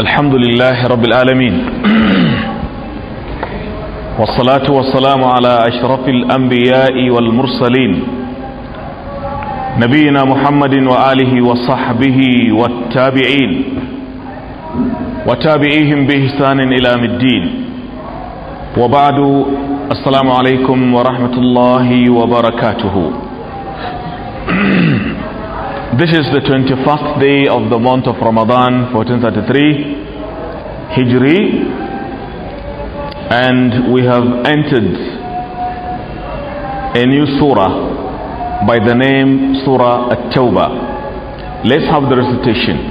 الحمد لله رب العالمين والصلاة والسلام على أشرف الأنبياء والمرسلين نبينا محمد وآله وصحبه والتابعين وتابعيهم بإحسان إلى الدين وبعد السلام عليكم ورحمة الله وبركاته This is the 21st day of the month of Ramadan 1433 Hijri and we have entered a new surah by the name Surah At-Tawbah. Let's have the recitation.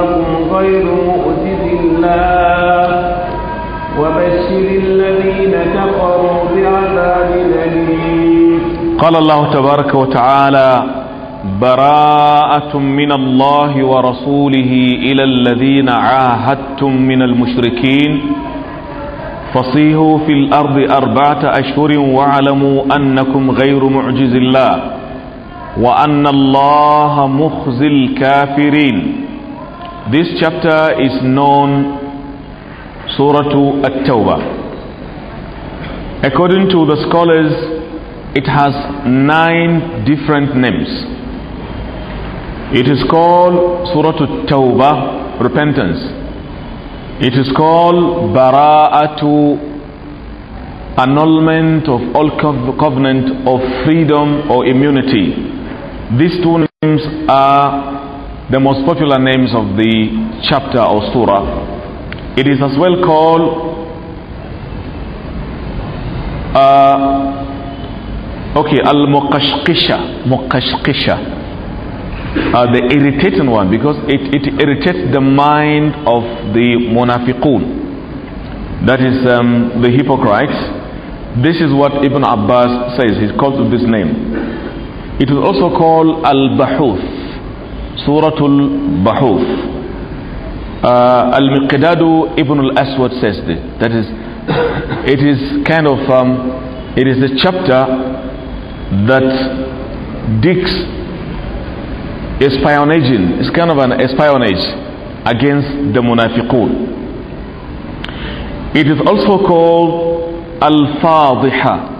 إنكم غير مؤجز الله وبشر الذين كفروا بعذاب أليم قال الله تبارك وتعالى براءة من الله ورسوله إلى الذين عاهدتم من المشركين فصيحوا في الأرض أربعة أشهر واعلموا أنكم غير معجز الله وأن الله مخزي الكافرين This chapter is known Surah At-Tawbah. According to the scholars, it has nine different names. It is called Surah At-Tawbah, repentance. It is called Bara'atu, annulment of all covenant of freedom or immunity. These two names are the most popular names of the chapter or surah. It is as well called uh, okay al muqashqisha muqashqisha uh, the irritating one because it, it irritates the mind of the munafiqun that is um, the hypocrites this is what ibn abbas says he calls this name it is also called al bahuth Suratul Bahuf. Uh, Al-Miqdadu Ibn al-Aswad says this. That is, it is kind of, um, it is a chapter that digs espionaging. It's kind of an espionage against the munafiqun. It is also called Al-Fadhiha.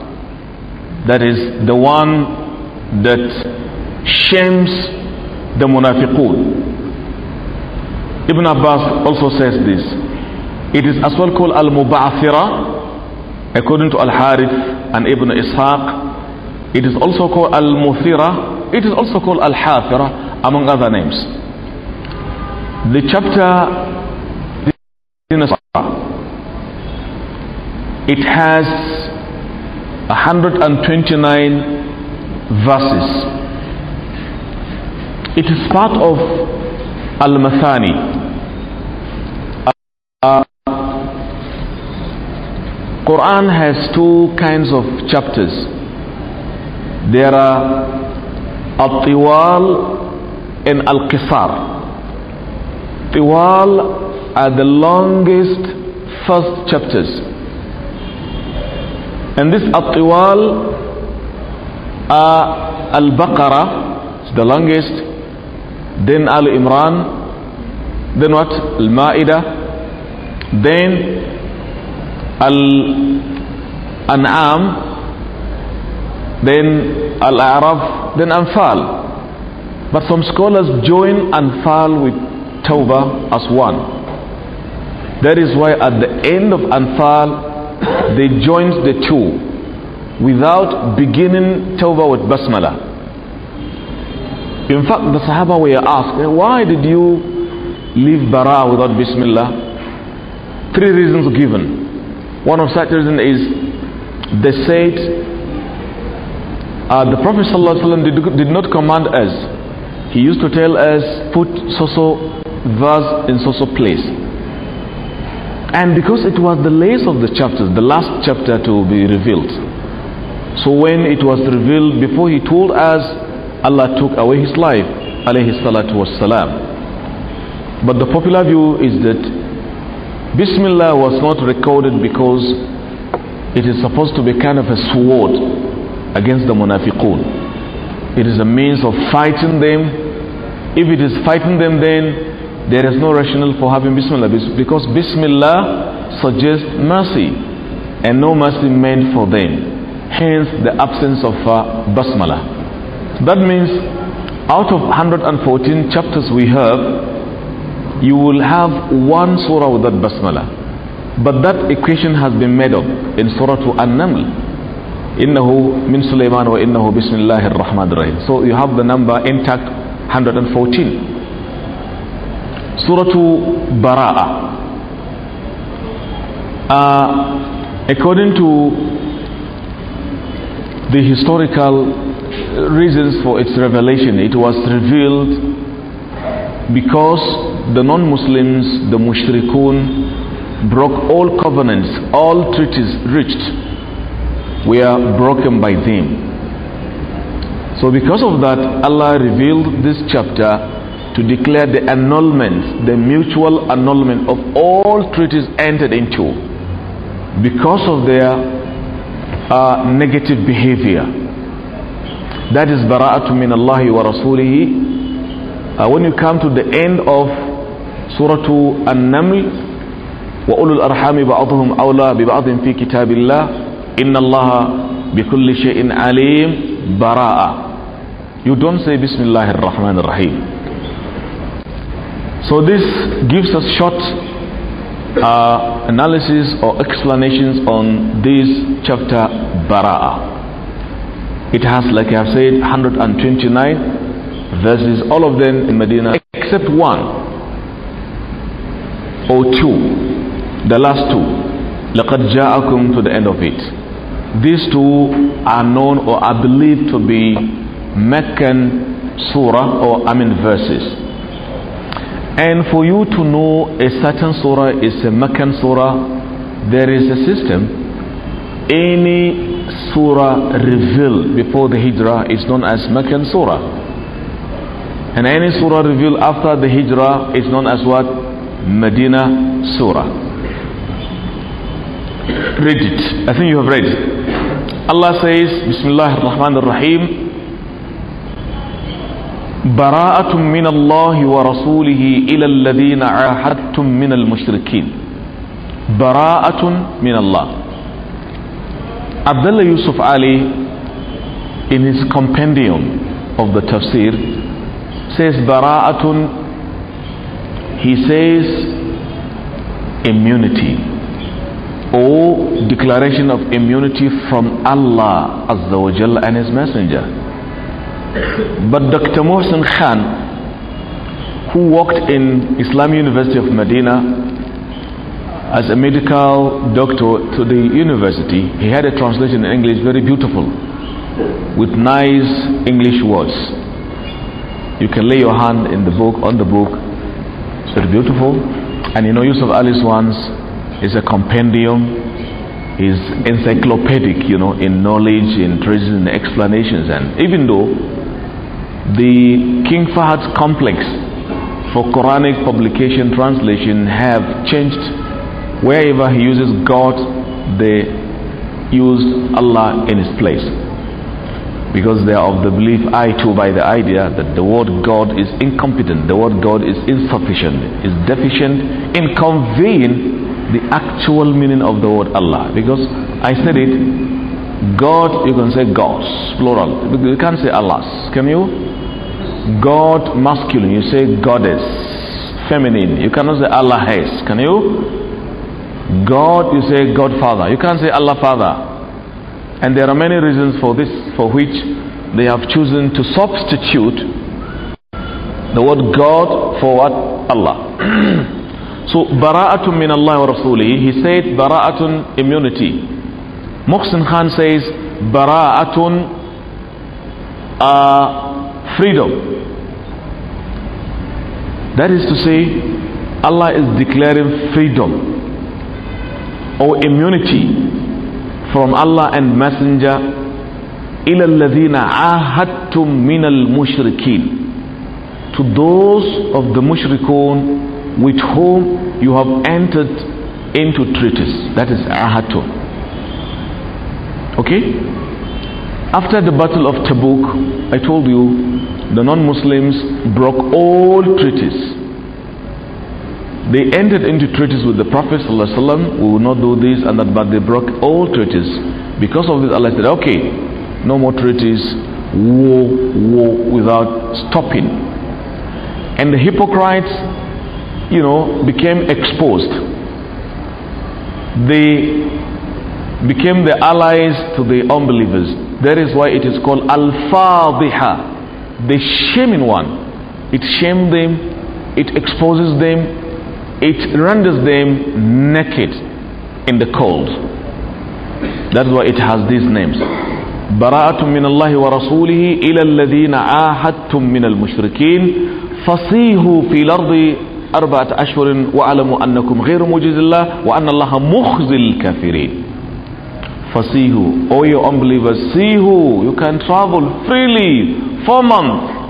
That is the one that shames the munafiqun. Ibn Abbas also says this. It is as well called al mubathira according to Al-Harith and Ibn Ishaq. It is also called al-muthira. It is also called al-hafira among other names. The chapter it has 129 verses it is part of al-mathani uh, Quran has two kinds of chapters there are al-tiwal and al-qisar tiwal are the longest first chapters and this al-tiwal are al-baqarah the longest then Al Imran, then what? Al Ma'idah, then Al An'am, then Al Araf, then Anfal. But some scholars join Anfal with Tawbah as one. That is why at the end of Anfal, they joined the two without beginning Tawbah with Basmalah. In fact, the Sahaba were asked, why did you leave Bara without Bismillah? Three reasons given. One of such reasons is they said, uh, the Prophet did, did not command us. He used to tell us, put so-so verse in so-so place. And because it was the last of the chapters, the last chapter to be revealed. So when it was revealed, before he told us Allah took away his life alayhi salatu was salam but the popular view is that Bismillah was not recorded because it is supposed to be kind of a sword against the munafiqun it is a means of fighting them if it is fighting them then there is no rationale for having Bismillah because Bismillah suggests mercy and no mercy meant for them. Hence the absence of uh, Basmalah. That means out of 114 chapters we have, you will have one surah with that basmala. But that equation has been made up in Surah to An-Naml. إنه من سليمان وإنه بسم الله الرحمن rahim So you have the number intact 114. Surah Bara'a. Uh, according to the historical reasons for its revelation. It was revealed because the non Muslims, the mushrikun, broke all covenants, all treaties reached were broken by them. So, because of that, Allah revealed this chapter to declare the annulment, the mutual annulment of all treaties entered into because of their uh, negative behavior. That is bara'atu min Allahi wa rasulihi. Uh, when you come to the end of Surah An-Naml, al-arhami الْأَرْحَامِ بَعْضُهُمْ أَوْلَى بِبَعْضٍ فِي fi kitabillah إِنَّ اللَّهَ بِكُلِّ shayin عَلِيمٍ baraa. You don't say Bismillah ar-Rahman ar-Rahim. So this gives us short uh, analysis or explanations on this chapter Bara'a. It has, like I have said, 129 verses, all of them in Medina, except one or two, the last two. لَقَدْ جَاءَكُمْ to the end of it. These two are known or are believed to be Meccan surah or I mean verses. And for you to know a certain surah is a Meccan surah, there is a system any surah revealed before the hijrah is known as Meccan surah. And any surah revealed after the hijrah is known as what? Medina surah. Read it. I think you have read it. Allah says, Bismillah ar-Rahman ar-Rahim. براءة من الله ورسوله إلى الذين عاهدتم من المشركين براءة من الله Abdullah Yusuf Ali, in his compendium of the tafsir, says bara'atun, he says immunity or declaration of immunity from Allah Azza wa Jalla and His Messenger. But Dr. Mohsen Khan, who worked in Islam University of Medina as a medical doctor to the university, he had a translation in English, very beautiful, with nice English words. You can lay your hand in the book, on the book, it's very beautiful. And you know, Yusuf Ali's ones is a compendium, is encyclopedic, you know, in knowledge, in treasures, in explanations. And even though the King Fahad's complex for Quranic publication translation have changed Wherever he uses God, they use Allah in his place. Because they are of the belief, I too, by the idea that the word God is incompetent, the word God is insufficient, is deficient in conveying the actual meaning of the word Allah. Because I said it, God, you can say gods, plural. You can't say Allahs, can you? God, masculine, you say goddess, feminine. You cannot say Allah has, can you? God, you say God Father. You can't say Allah Father. And there are many reasons for this, for which they have chosen to substitute the word God for what? Allah. so, bara'atun min Allah wa Rasuli, He said bara'atun immunity. Muhsin Khan says bara'atun uh, freedom. That is to say, Allah is declaring freedom or immunity from Allah and Messenger إِلَى الَّذِينَ عَاهَدْتُمْ مِنَ To those of the mushrikun with whom you have entered into treaties. That ahatum. Okay? After the battle of Tabuk, I told you, the non-Muslims broke all treaties they entered into treaties with the Prophet ﷺ, we will not do this and that, but they broke all treaties. Because of this, Allah said, okay, no more treaties, war, war without stopping. And the hypocrites, you know, became exposed. They became the allies to the unbelievers. That is why it is called Al-Fadiha, the shaming one. It shamed them, it exposes them, it renders them naked in the cold. That's why it has these names. Bara'atum min Allah wa rasulihi ila alladhina ahadtum min al-mushrikeen fasihu fil ardi arba'at ashhurin wa'lamu annakum ghayru mujizillah wa anna Allah mukhzil kafirin. Fasihu, O you unbelievers, see who you can travel freely for a month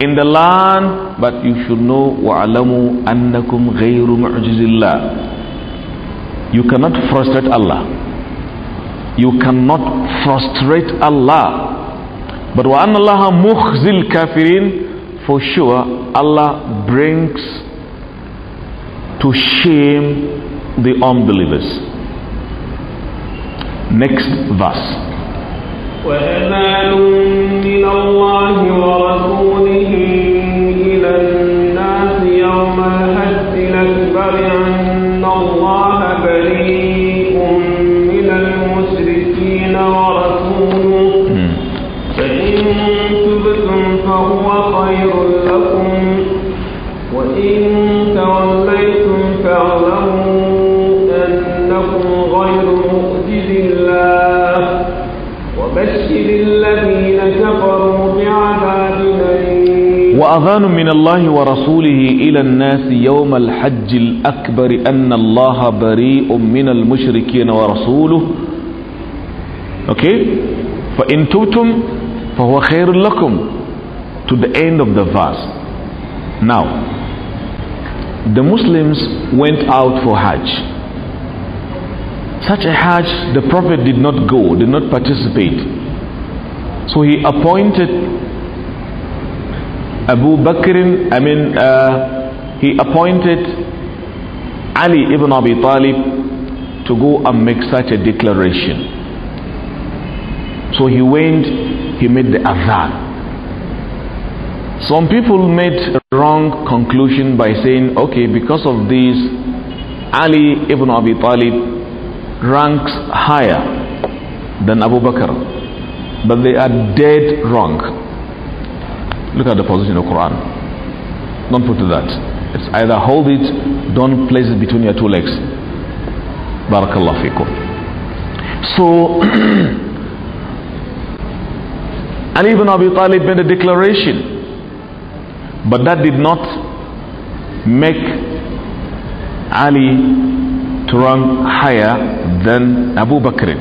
in the land, but you should know وَعَلَمُوا أَنَّكُمْ غَيْرُ مُعْجِزِ اللَّهِ You cannot frustrate Allah. You cannot frustrate Allah. But وَأَنَّ اللَّهَ مُخْزِي الْكَافِرِينَ For sure, Allah brings to shame the unbelievers. Next verse. وأمان من الله ورسوله وأذان من الله ورسوله إلى الناس يوم الحج الأكبر أن الله بريء من المشركين ورسوله okay فإن تبتم فهو خير لكم to the end of the verse now the Muslims went out for Hajj such a Hajj the Prophet did not go did not participate so he appointed Abu Bakr, I mean, uh, he appointed Ali ibn Abi Talib to go and make such a declaration. So he went, he made the adhan. Some people made wrong conclusion by saying, okay, because of this, Ali ibn Abi Talib ranks higher than Abu Bakr. But they are dead wrong. Look at the position of the Quran. Don't put it that. It's either hold it, don't place it between your two legs. Barakallah fikum. So, Ali ibn Abi Talib made a declaration, but that did not make Ali to rank higher than Abu Bakr.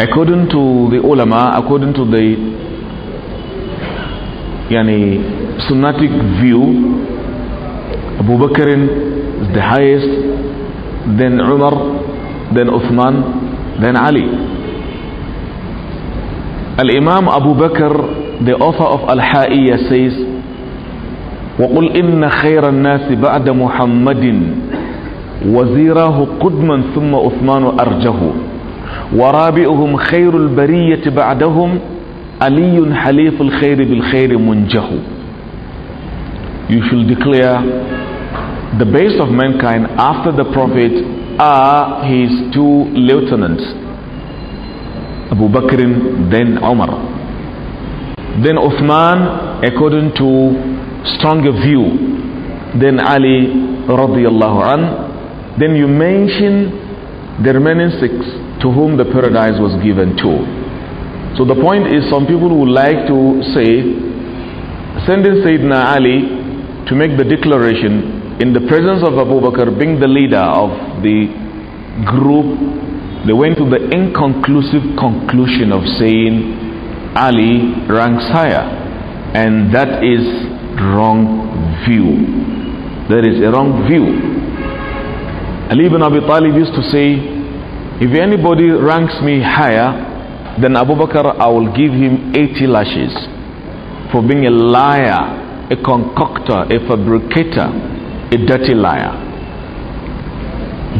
According to the ulama, according to the يعني سناتيك فيو ابو بكر is the highest then Umar then Uthman then Ali Al-Imam Abu the author of Al-Ha'iyya says وقل إن خير الناس بعد محمد وزيره قدما ثم عثمان أرجه ورابئهم خير البرية بعدهم Aliyun Haliful Khairi Bil Khairi Munjahu. You shall declare the base of mankind after the Prophet are his two lieutenants, Abu Bakr, then Umar. Then Uthman, according to stronger view, then Ali radiallahu an. Then you mention the remaining six to whom the paradise was given to. So the point is some people would like to say, sending Sayyidina Ali to make the declaration in the presence of Abu Bakr being the leader of the group, they went to the inconclusive conclusion of saying Ali ranks higher. And that is wrong view. There is a wrong view. Ali ibn Abi Talib used to say, if anybody ranks me higher, then Abu Bakr, I will give him 80 lashes for being a liar, a concoctor, a fabricator, a dirty liar.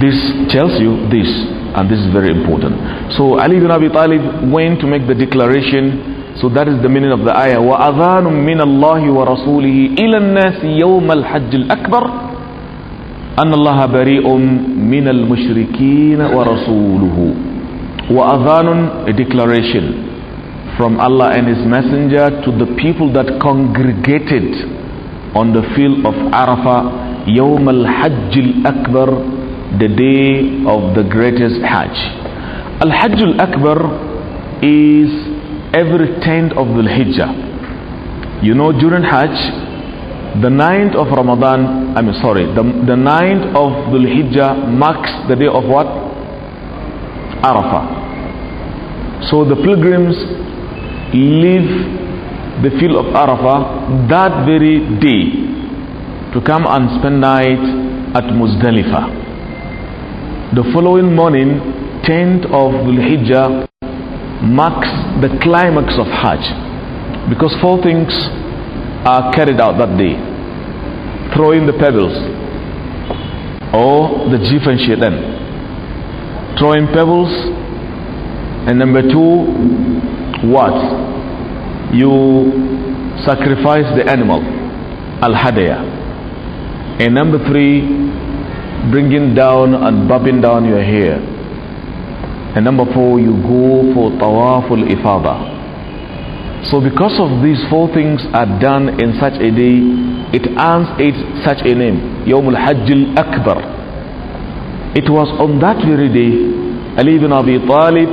This tells you this, and this is very important. So Ali ibn Abi Talib went to make the declaration so that is the meaning of the ayah. وَأَذَانٌ مِّنَ اللَّهِ وَرَسُولِهِ إِلَى النَّاسِ يَوْمَ الْحَجِّ الْأَكْبَرِ أَنَّ اللَّهَ بَرِيءٌ مِّنَ الْمُشْرِكِينَ وَرَسُولُهُ Wa adhanun, a declaration from Allah and His Messenger to the people that congregated on the field of Arafah, Yawm al-Hajj al-Akbar, the day of the greatest Hajj. Al-Hajj al-Akbar is every 10th of the Hijjah. You know, during Hajj, the 9th of Ramadan, I'm sorry, the, the 9th of the Hijjah marks the day of what? Arafah. So the pilgrims leave the field of Arafah that very day to come and spend night at Muzdalifah. The following morning, 10th of Dhul Hijjah, marks the climax of Hajj because four things are carried out that day throwing the pebbles or the Jifan Shaitan throwing pebbles and number two what you sacrifice the animal al-hadaya and number three bringing down and bobbing down your hair and number four you go for tawaful ifada so because of these four things are done in such a day it earns it such a name yawmul hajj al-akbar it was on that very day Ali ibn Abi Talib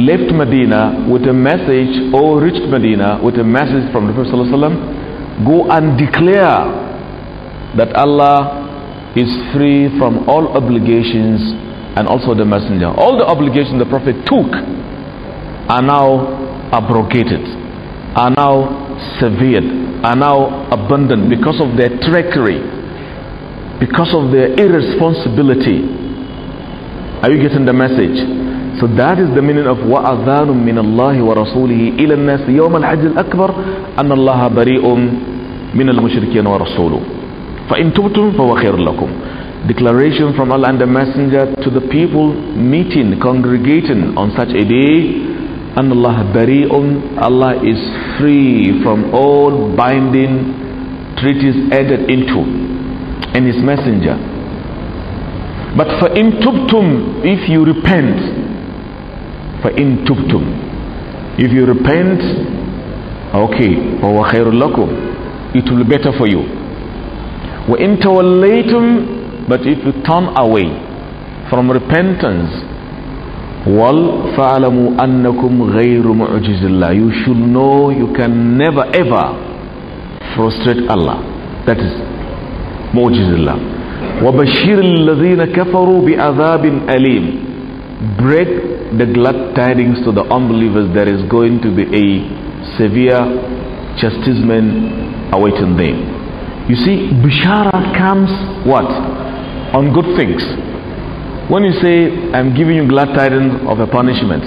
left Medina with a message or reached Medina with a message from the Prophet ﷺ, go and declare that Allah is free from all obligations and also the messenger. All the obligations the Prophet took are now abrogated, are now severed, are now abandoned because of their trickery because of their irresponsibility. Are you getting the message? So that is the meaning of وَأَذَانٌ مِّنَ اللَّهِ وَرَسُولِهِ إِلَى النَّاسِ يَوْمَ الْحَجِّ الْأَكْبَرِ أَنَّ اللَّهَ بَرِيءٌ مِّنَ الْمُشْرِكِينَ وَرَسُولُهُ فَإِن تُبْتُمْ فَهُوَ خَيْرٌ لَكُمْ Declaration from Allah and the Messenger to the people meeting, congregating on such a day أن الله بريء Allah is free from all binding treaties entered into and his messenger. But for in tubtum, if you repent, for in tubtum, if you repent, okay, wa lakum, it will be better for you. Wa in tawallaytum, but if you turn away from repentance, wal fa'alamu annakum ghayru mu'jizillah. You should know you can never ever frustrate Allah. That is Mu'jizullah. وَبَشِّرِ الَّذِينَ كَفَرُوا بِعَذَابٍ أَلِيمٍ Break the glad tidings to the unbelievers there is going to be a severe chastisement awaiting them. You see, Bishara comes what? On good things. When you say, I'm giving you glad tidings of a punishment,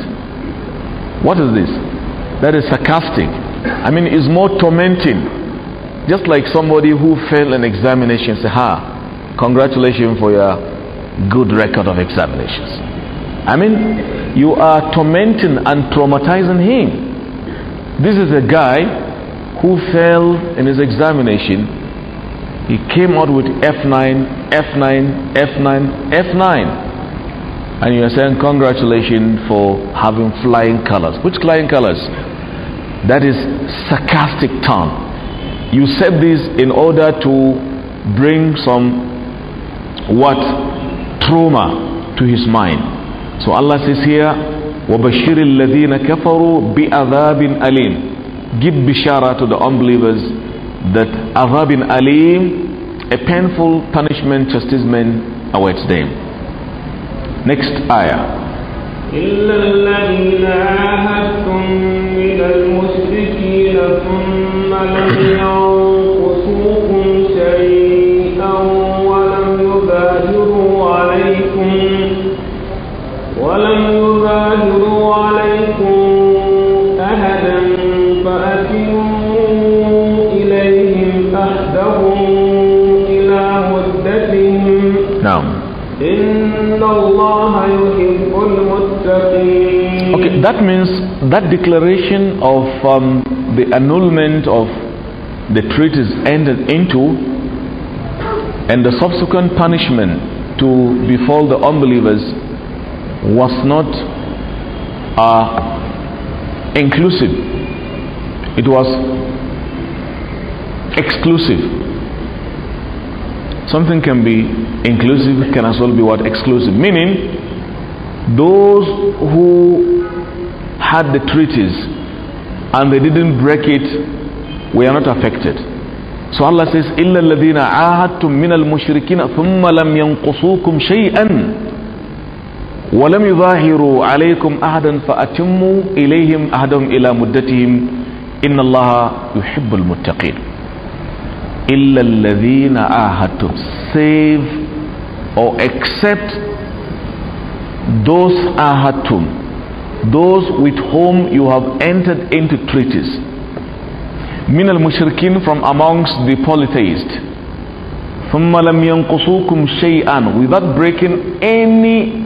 what is this? That is sarcastic. I mean, it's more tormenting just like somebody who failed an examination, say, ha, congratulations for your good record of examinations. I mean, you are tormenting and traumatizing him. This is a guy who failed in his examination. He came out with F9, F9, F9, F9 and you are saying congratulations for having flying colors. Which flying colors? That is sarcastic tongue you said this in order to bring some what trauma to his mind so allah says here وَبَشِّرِ الَّذِينَ كَفَرُوا بِعَذَابٍ أَلِيمٍ Give bishara to the unbelievers that عَذَابٍ أَلِيمٍ A painful punishment, chastisement awaits them. Next ayah. إِلَّا الَّذِينَ عَاهَدْتُمْ مِنَ الْمُشْرِكِينَ that means that declaration of um, the annulment of the treaties entered into and the subsequent punishment to befall the unbelievers was not uh, inclusive it was exclusive something can be inclusive can as well be what exclusive meaning those who had the treaties and they didn't break it, we are not affected. So Allah says, إِلَّا الَّذِينَ عَاهَدْتُم مِّنَ الْمُشْرِكِينَ ثُمَّ لَمْ يَنْقُصُوكُمْ شَيْئًا وَلَمْ يُظَاهِرُوا عَلَيْكُمْ أَحَدًا فَأَتِمُّوا إِلَيْهِمْ أَحَدًا إِلَى مُدَّتِهِمْ إِنَّ اللَّهَ يُحِبُّ الْمُتَّقِينَ إِلَّا الَّذِينَ عَاهَدْتُمْ Save or accept those ahatum those with whom you have entered into treaties من المشركين from amongst the polytheists ثم لم ينقصوكم شيئا without breaking any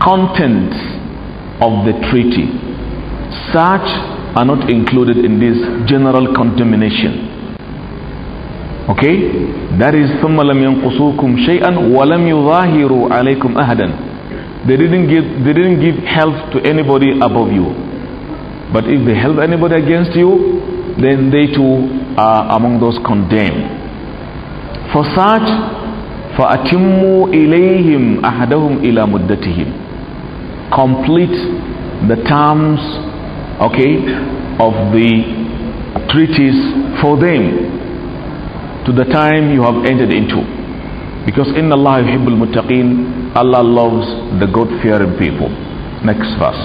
content of the treaty such are not included in this general condemnation okay that is ثم لم ينقصوكم شيئا ولم يظاهروا عليكم أهدا they didn't give, they didn't give help to anybody above you. But if they help anybody against you, then they too are among those condemned. For such, for فَأَتِمُّوا ilayhim أَحَدَهُمْ ila muddatihim, Complete the terms, okay, of the treaties for them to the time you have entered into. Because in Allah yuhibbul muttaqeen, Allah loves the God fearing people. Next verse.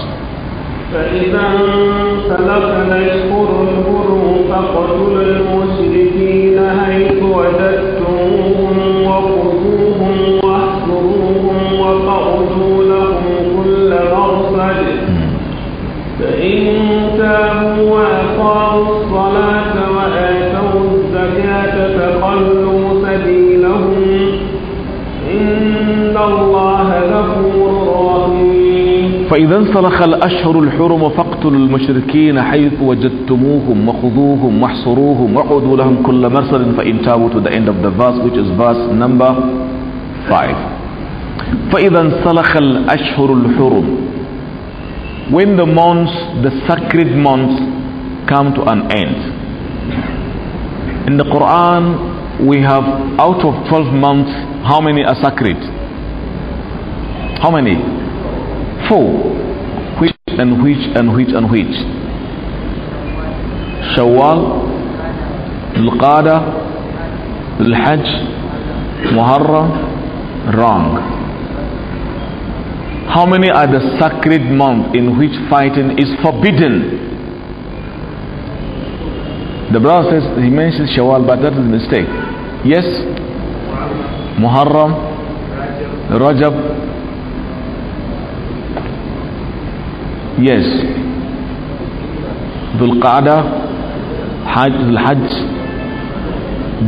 فإذا انصرخ الأشهر الحرم فاقتلوا المشركين حيث وجدتموهم وخذوهم واحصروهم وقعدوا لهم كل مرسل فإن تابوا to the end of the verse which is verse number 5 فإذا انصرخ الأشهر الحرم when the months the sacred months come to an end in the Quran we have out of 12 months how many are sacred how many Four. Which and which and which and which? Shawwal, Al-Qada, Al-Hajj, Muharram, wrong. How many are the sacred months in which fighting is forbidden? The brother says he mentions Shawwal, but that is a mistake. Yes, Muharram, Rajab, Yes. Dhul Qa'dah, Hajj, Dhul Hajj.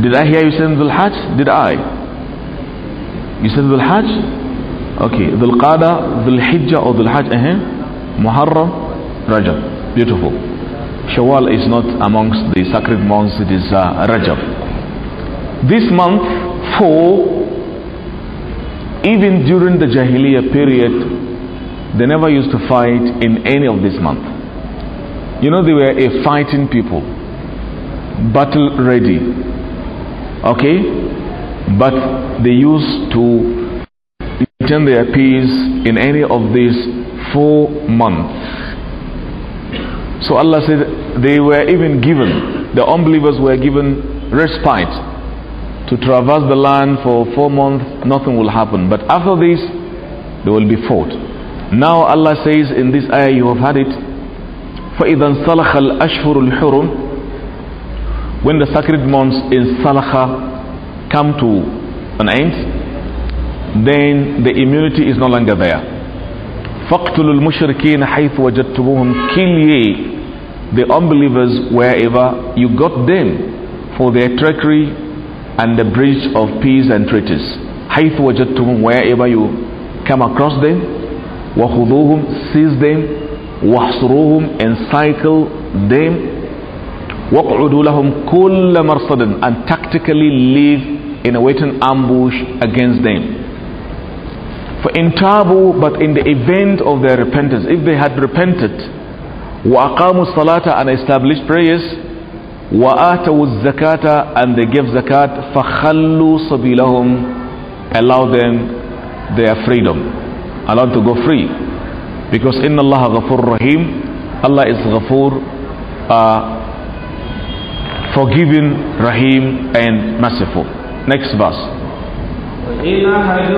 Did I hear you saying Dhul Hajj? Did I? You said Dhul Hajj? Okay. Dhul Qa'dah, Dhul Hijjah or Dhul Hajj. Uh -huh. Muharram, Rajab. Beautiful. Shawwal is not amongst the sacred months. It is uh, Rajab. This month, four, even during the Jahiliyyah period, they never used to fight in any of this month. You know, they were a fighting people, battle ready. Okay? But they used to maintain their peace in any of these four months. So Allah said they were even given, the unbelievers were given respite to traverse the land for four months, nothing will happen. But after this, they will be fought. Now Allah says in this ayah you have had it فَإِذَا انْصَلَخَ الْأَشْهُرُ الْحُرُمُ When the sacred months in Salaha come to an end, then the immunity is no longer there. فاقتلوا المشركين حيث وجدتموهم kill ye the unbelievers wherever you got them for their treachery and the breach of peace and treaties حيث وجدتموهم wherever you come across them وخذوهم Seize them وَحْصُرُوهُمْ Encircle them وَقْعُدُوا لَهُمْ كُلَّ مَرْصَدٍ And tactically live in a waiting ambush against them for in tabu, but in the event of their repentance, if they had repented, وَأَقَامُوا الصَّلَاةَ and established prayers, وآتوا الزَّكَاةَ and they gave zakat, فَخَلُّوا سَبِيلَهُمْ allow them their freedom. allowed to go free because inna Allah ghafur rahim Allah is ghafur uh, forgiving rahim and merciful next verse وإن أحد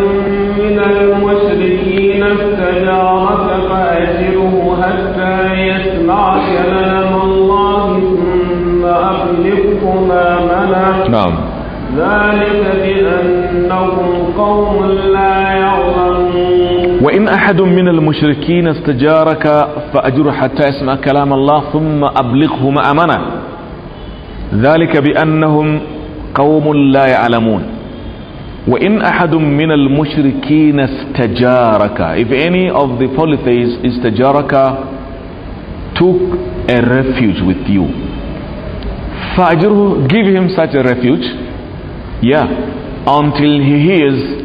من المشركين استجارك فأجره حتى يسمع كلام الله ثم ما منع نعم ذلك بأنهم قوم لا يعلمون وإن أحد من المشركين استجارك فأجره حتى يسمع كلام الله ثم أبلغه مأمنه ذلك بأنهم قوم لا يعلمون وإن أحد من المشركين استجارك if any of the polytheists استجارك took a refuge with you فأجره give him such a refuge yeah until he hears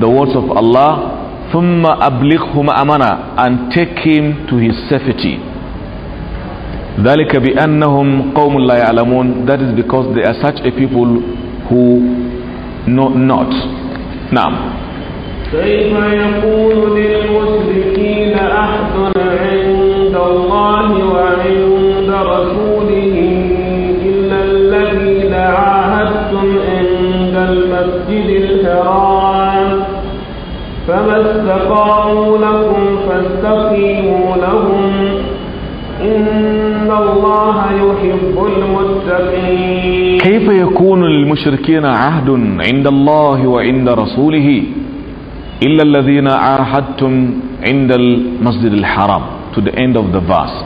the words of Allah ثم أبلغه amana and take him to his safety that is because they are such a people who know not نعم كيف للمشركين عند الله فما استقاموا لكم فاستقيموا لهم إن الله يحب المتقين كيف يكون للمشركين عهد عند الله وعند رسوله إلا الذين عاهدتم عند المسجد الحرام to the end of the verse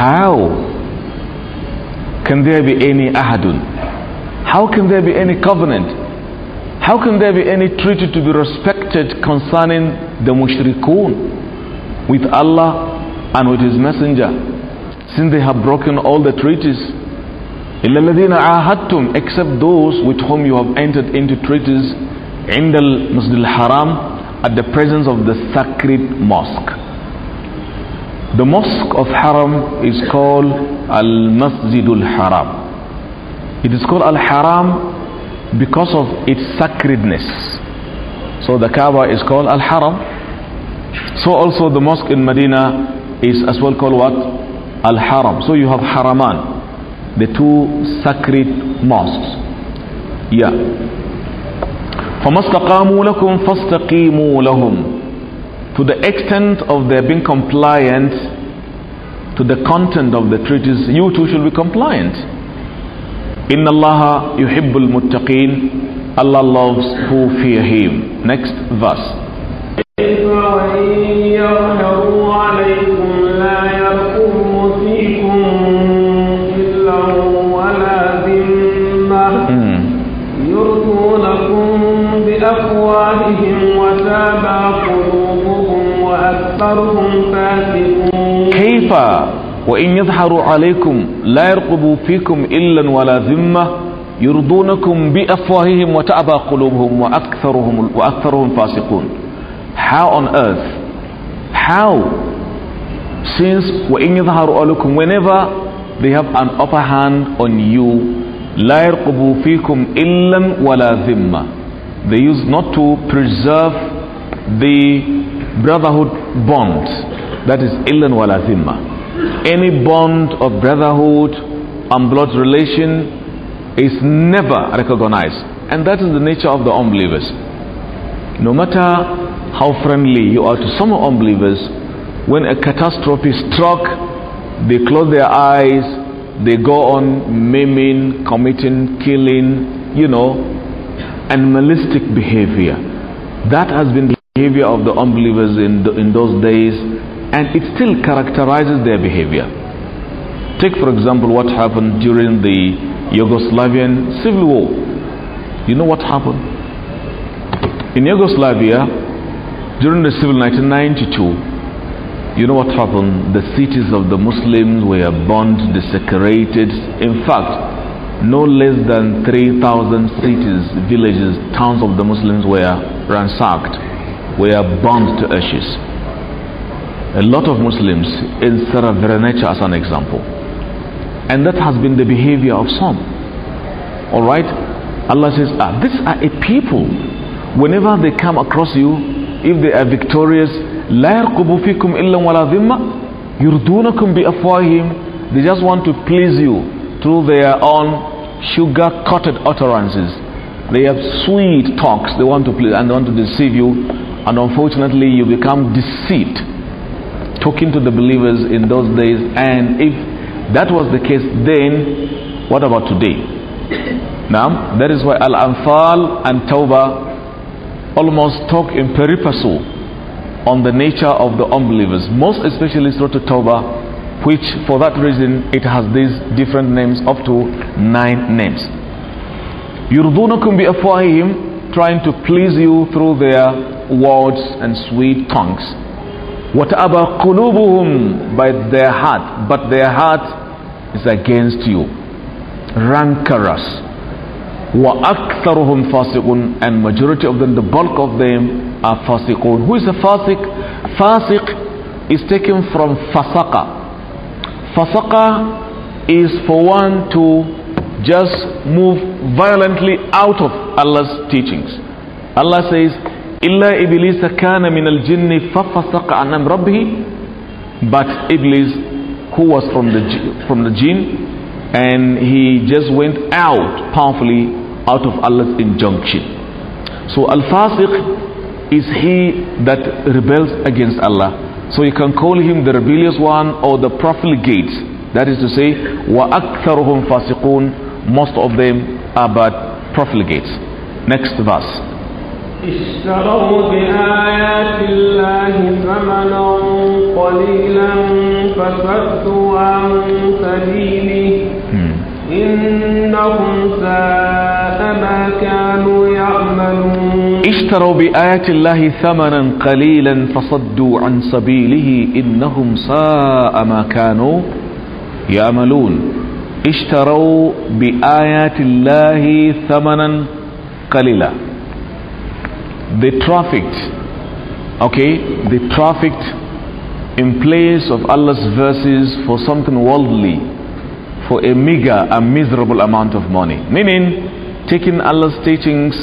how can there be any ahadun how can there be any covenant How can there be any treaty to be respected concerning the mushrikun with Allah and with His Messenger since they have broken all the treaties? except those with whom you have entered into treaties in the Masjid al-Haram at the presence of the sacred mosque. The mosque of Haram is called Al-Masjid al-Haram. It is called Al-Haram because of its sacredness. So the Kaaba is called Al Haram. So also the mosque in Medina is as well called what? Al Haram. So you have Haraman, the two sacred mosques. Yeah. فَمَا اسْتَقَامُوا لَكُمْ فَاسْتَقِيمُوا لَهُمْ To the extent of their being compliant to the content of the treaties, you too should be compliant. إن الله يحب المتقين الله loves who fear him next verse كيف وإن يظهروا عليكم لا يرقبوا فيكم إلا ولا ذمة يرضونكم بأفواههم وتأبى قلوبهم وأكثرهم, وأكثرهم فاسقون How on earth? How? Since وإن يظهروا عليكم whenever they have an upper hand on you لا يرقبوا فيكم إلا ولا ذمة they use not to preserve the brotherhood bond that is إلا ولا ذمة any bond of brotherhood and blood relation is never recognized. And that is the nature of the unbelievers. No matter how friendly you are to some unbelievers, when a catastrophe struck, they close their eyes, they go on maiming, committing, killing, you know, animalistic behavior. That has been the behavior of the unbelievers in, the, in those days and it still characterizes their behavior. Take, for example, what happened during the Yugoslavian civil war. You know what happened? In Yugoslavia, during the civil 1992, you know what happened? The cities of the Muslims were burned, desecrated. In fact, no less than 3,000 cities, villages, towns of the Muslims were ransacked, were burned to ashes a lot of Muslims in of their as an example. And that has been the behavior of some. Alright? Allah says, ah, these are a people. Whenever they come across you, if they are victorious, لا يرقب فيكم إلا ولا ذمة يردونكم بأفواههم They just want to please you through their own sugar-coated utterances. They have sweet talks they want to please and they want to deceive you. And unfortunately, you become deceived talking to the believers in those days. And if that was the case, then what about today? Now, that is why Al Anfal and Tawbah almost talk in peripasu on the nature of the unbelievers, most especially Surah Tawbah, which for that reason it has these different names, up to nine names. before Him trying to please you through their words and sweet tongues whatever qulubuhum by their heart but their heart is against you rancorous wa aktharuhum fasiqun and majority of them the bulk of them are fasiqun who is a fasiq fasiq is taken from fasaqa fasaqa is for one to just move violently out of Allah's teachings Allah says Illa إبليس kana min al ففسق عن أمر ربه but Iblis who was from the from the jinn and he just went out powerfully out of Allah's injunction so al-fasiq is he that rebels against Allah so you can call him the rebellious one or the profligate that is to say aktharuhum fasiqun. most of them are but profligates next verse اشتروا بآيات الله ثمنا قليلا فصدوا عن سبيله إنهم ساء ما كانوا يعملون اشتروا بآيات الله ثمنا قليلا فصدوا عن سبيله إنهم ساء ما كانوا يعملون اشتروا بآيات الله ثمنا قليلا they trafficked okay they trafficked in place of Allah's verses for something worldly for a meager and miserable amount of money meaning taking Allah's teachings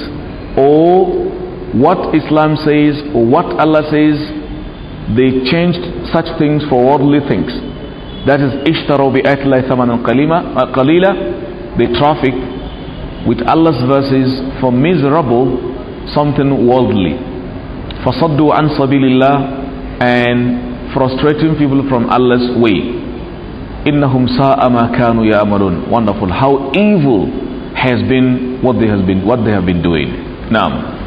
or what Islam says or what Allah says they changed such things for worldly things that is ishtaru bi thamanan uh, qalila they trafficked with Allah's verses for miserable something worldly. Fasaddu an sabilillah and frustrating people from Allah's way. Innahum sa'a ma kanu ya'malun. Wonderful. How evil has been what they has been what they have been doing. Now.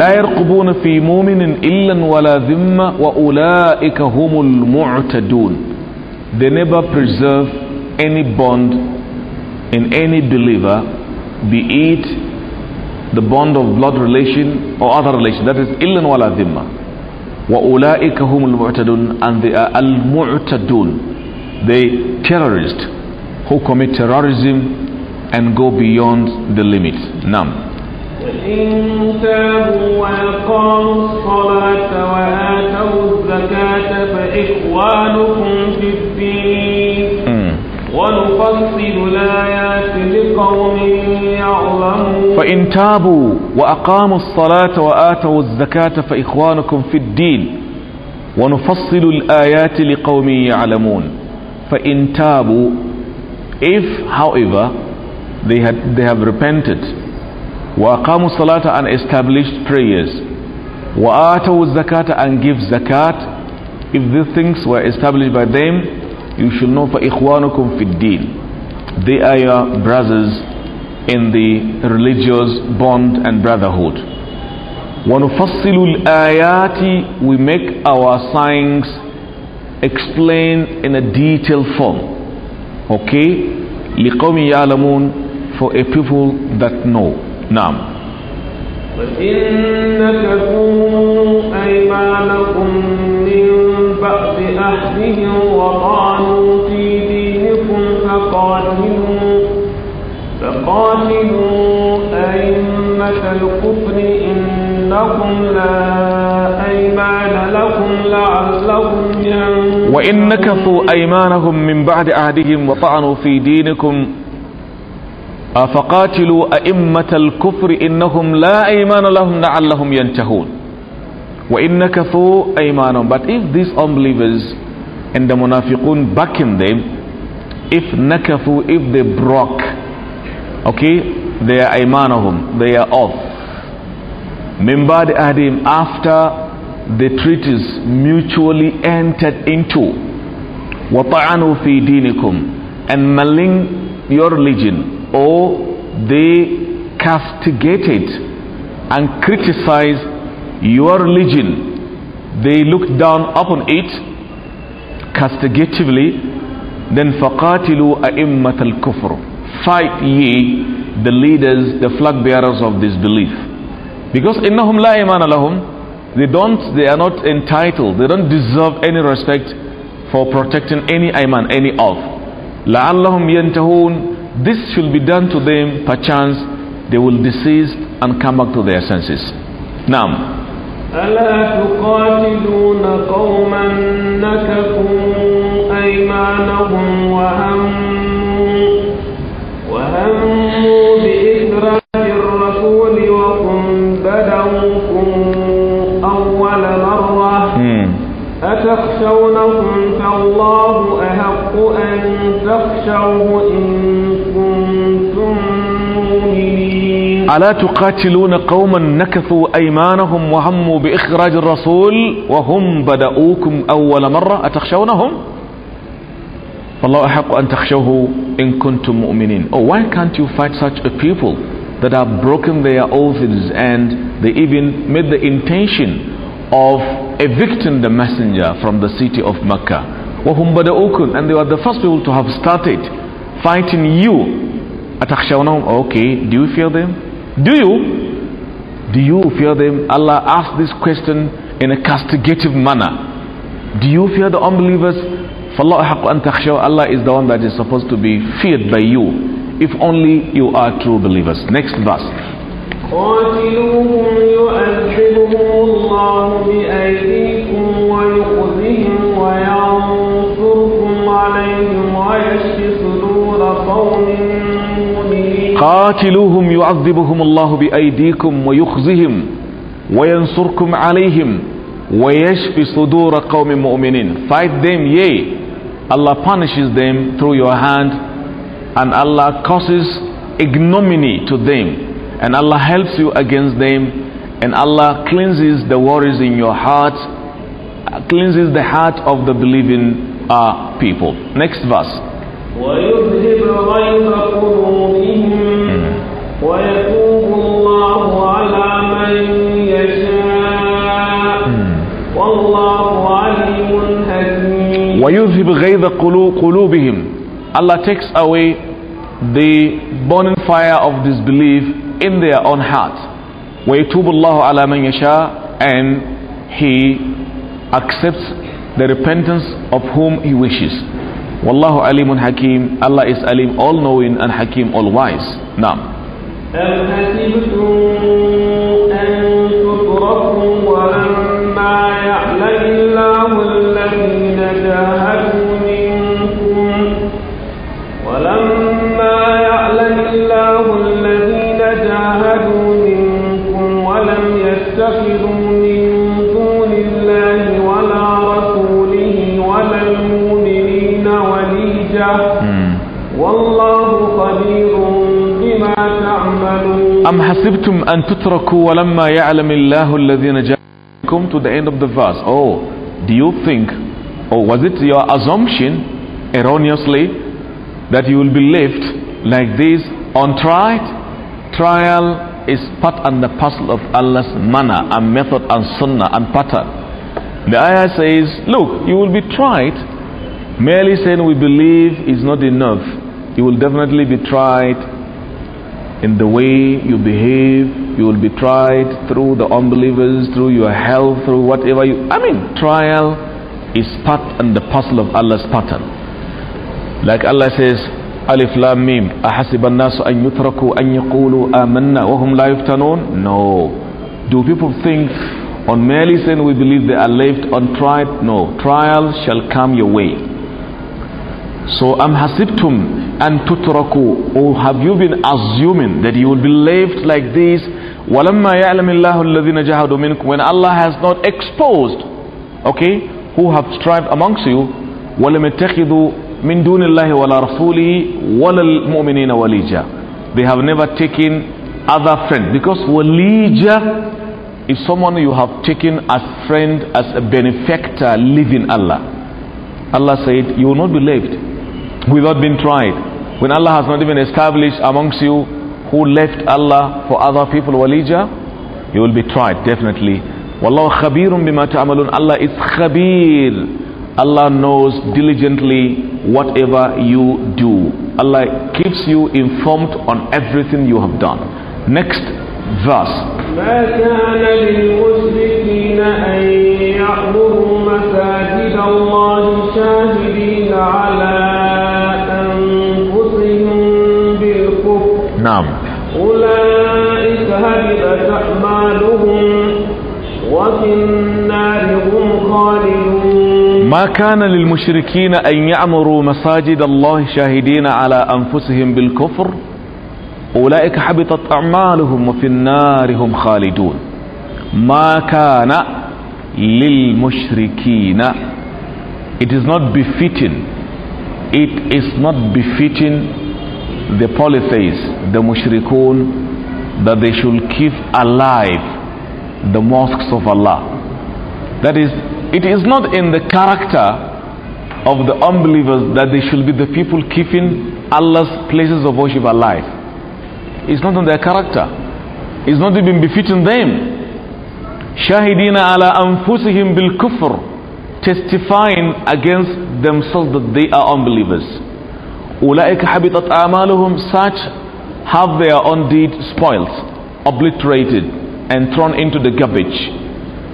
لا يرقبون في مؤمن إلا ولا ذمة وأولئك هم المعتدون they never preserve any bond in any believer be it the bond of blood relation or other relation that is إلا ولا ذمة وأولئك هم المعتدون and they are المعتدون they terrorists who commit terrorism and go beyond the limit. No. فإن تابوا وأقاموا الصلاة وآتوا الزكاة فإخوانكم في الدين ونفصل الآيات لقوم يعلمون فإن تابوا وأقاموا الصلاة وآتوا الزكاة فإخوانكم في الدين الآيات لقوم يعلمون if however they, had, they have repented وأقاموا الصلاة and established prayers وآتوا الزكاة and give zakat if these things were established by them you should know for فإخوانكم في الدين they are your brothers in the religious bond and brotherhood ونفصل الآيات we make our signs explain in a detailed form okay لقوم يعلمون for a people that know نعم وإن نكثوا أيمانكم من بعد أهلهم وطعنوا في دينكم فقاتلوا فقاتلوا أئمة الكفر إنكم لا أيمان لكم لعلكم ينصرون وإن نكثوا أيمانهم من بعد عهدهم وطعنوا في دينكم فقاتلوا أئمة الكفر إنهم لا أيمان لهم لعلهم ينتهون وإن كفوا أيمانهم but if these unbelievers and the منافقون back in them if nakafu if they broke okay they are أيمانهم they are off من بعد أهدهم after the treaties mutually entered into وطعنوا في دينكم and malign your religion or they castigated and criticized your religion. They looked down upon it castigatively. Then فَقَاتِلُوا أَئِمَّةَ الْكُفْرِ Fight ye the leaders, the flag bearers of disbelief. Because إِنَّهُمْ لَا إِمَانَ لَهُمْ They don't, they are not entitled, they don't deserve any respect for protecting any iman, any oath. لَعَلَّهُمْ يَنْتَهُونَ this should be done to them, perchance they will desist and come back to their senses. Now, ألا تقاتلون قوما نكثوا أيمانهم وهموا بإخراج الرسول وهم بدأوكم أول مرة أتخشونهم والله أحق أن تخشوه إن كنتم مؤمنين Oh why can't you fight such a people that have broken their oaths and they even made the intention of evicting the messenger from the city of Mecca وهم بدأوكم and they were the first people to have started fighting you أتخشونهم okay do you fear them Do you? Do you fear them? Allah asked this question in a castigative manner. Do you fear the unbelievers? Allah is the one that is supposed to be feared by you, if only you are true believers. Next verse. قاتلوهم يعذبهم الله بأيديكم ويخزهم وينصركم عليهم ويشفي صدور قوم مؤمنين fight them yea Allah punishes them through your hand and Allah causes ignominy to them and Allah helps you against them and Allah cleanses the worries in your heart cleanses the heart of the believing uh, people next verse وَيُذْهِبْ غَيْظَ قُلُوبِهِمْ Allah takes away the burning fire of disbelief in their own heart. وَيَتُوبُ اللَّهُ عَلَى مَنْ يَشَاءُ And He accepts the repentance of whom He wishes. Wallahu alimun hakim. Allah is alim all knowing and hakim all wise. Naam. أم حسبتم أن تتركوا وأنتم أم حسبتم أن تتركوا ولما يعلم الله الذين جاءكم to the end of the verse oh do you think or was it your assumption erroneously that you will be left like this untried trial is part and the parcel of Allah's manner and method and sunnah and pattern the ayah says look you will be tried merely saying we believe is not enough you will definitely be tried in the way you behave, you will be tried through the unbelievers, through your health, through whatever you. I mean, trial is part and the parcel of Allah's pattern. Like Allah says, Alif Lam Mim, أحسب الناس أن يتركوا أن يقولوا آمنا وهم لا No. Do people think on merely saying we believe they are left untried? No. Trial shall come your way. So am hasibtum and tutraku or have you been assuming that you will be left like this? When Allah has not exposed, okay, who have strived amongst you, They have never taken other friend because walija is someone you have taken as friend, as a benefactor, living Allah. Allah said, you will not be left without being tried. When Allah has not even established amongst you who left Allah for other people, walija, you will be tried, definitely. Wallahu khabirun bima Ta'amalun Allah is khabir. Allah knows diligently whatever you do. Allah keeps you informed on everything you have done. Next verse. كان للمشركين أن يعمروا مساجد الله شاهدين على أنفسهم بالكفر أولئك حبطت أعمالهم وفي النار هم خالدون ما كان للمشركين it is not befitting it is not befitting the polytheists the mushrikun that they should keep alive the mosques of Allah that is it is not in the character of the unbelievers that they should be the people keeping Allah's places of worship alive. It's not in their character. It's not even befitting them. Shahidina ala anfusihim bil kufr. Testifying against themselves that they are unbelievers. أولئك حبطت أعمالهم such have their own deed spoiled, obliterated and thrown into the garbage.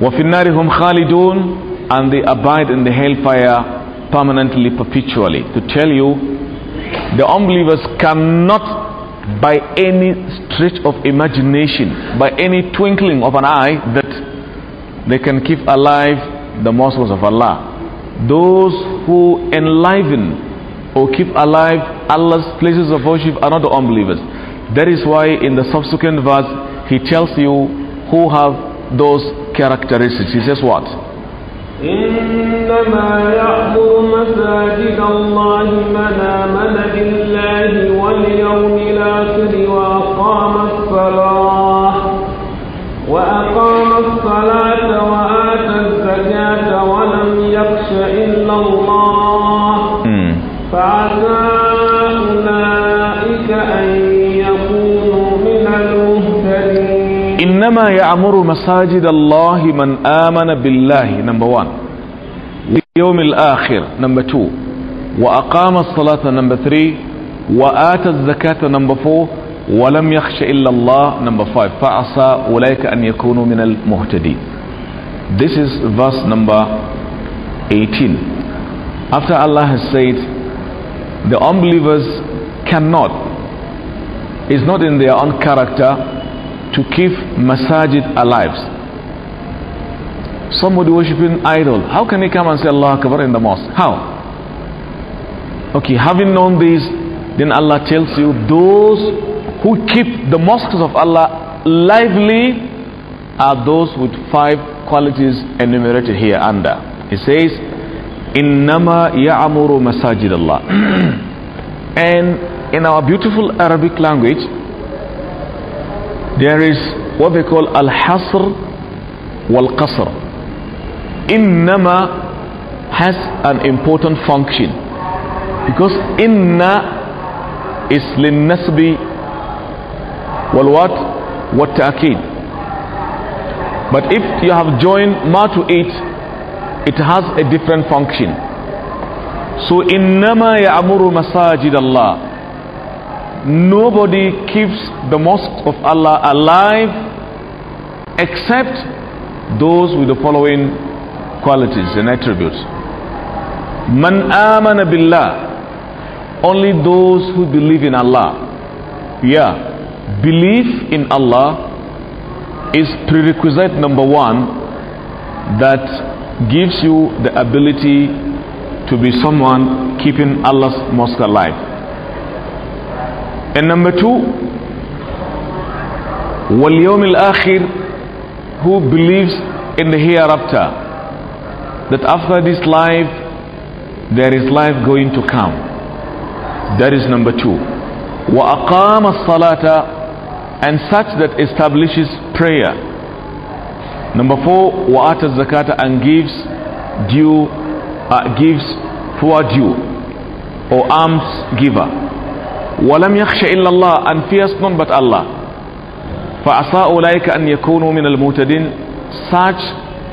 وَفِي خَالِدُونَ And they abide in the hellfire permanently, perpetually. To tell you, the unbelievers cannot by any stretch of imagination, by any twinkling of an eye, that they can keep alive the mercies of Allah. Those who enliven or keep alive Allah's places of worship are not the unbelievers. That is why in the subsequent verse, he tells you who have those characteristics. He says what? إنما يأمر مساجد الله من آمن بالله واليوم الآخر وأقام الصلاة إنما يعمر مساجد الله من آمن بالله number one يوم الآخر number two وأقام الصلاة number three وآت الزكاة number four ولم يخش إلا الله number five فعسى أولئك يكونوا من المهتدين This is verse number 18 After Allah has said the unbelievers cannot it's not in their own character to keep masajid alive. Somebody worshipping idol, how can he come and say Allah Akbar in the mosque? How? Okay, having known this, then Allah tells you those who keep the mosques of Allah lively are those with five qualities enumerated here under. He says, Innama ya'amuru masajid Allah. and in our beautiful Arabic language, there is what they call al-hasr wal-qasr. Innama has an important function because inna is lin-nasbi wal-what wat-ta'kid. But if you have joined ma to it, it has a different function. So innama ya'muru masajid Allah nobody keeps the mosque of Allah alive except those with the following qualities and attributes. Man amana billah. Only those who believe in Allah. Yeah, belief in Allah is prerequisite number one that gives you the ability to be someone keeping Allah's mosque alive. And number two, وَالْيَوْمِ الْآخِرِ Who believes in the hereafter, that after this life, there is life going to come. That is number two. وَأَقَامَ الصَّلَاةَ And such that establishes prayer. Number four, وَآتَ الزَّكَاةَ And gives due, uh, gives poor due, or alms giver. ولم يخش إلا الله أن fears none but Allah فعسى أولئك أن يكونوا من المهتدين such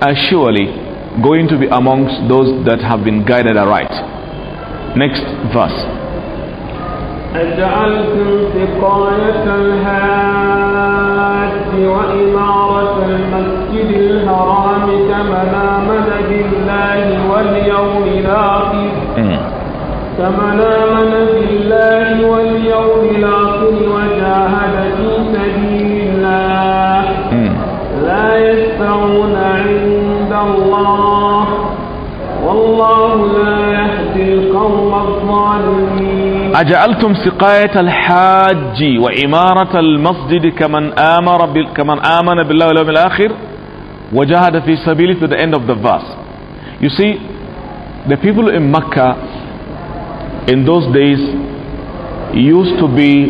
are surely going to be amongst those that have been guided aright next verse أجعلتم سقاية الهات وإمارة المسجد الحرام كمن آمن بالله واليوم الآخر كمن آمن بالله واليوم الآخر وجاهد في سبيل الله لا يستعون عند الله والله لا يهدي القوم الظالمين أجعلتم سقاية الحاج وعمارة المسجد كمن آمر بال... كمن آمن بالله واليوم الآخر وجاهد في سبيله to the end of the verse. You see, the people in Mecca in those days used to be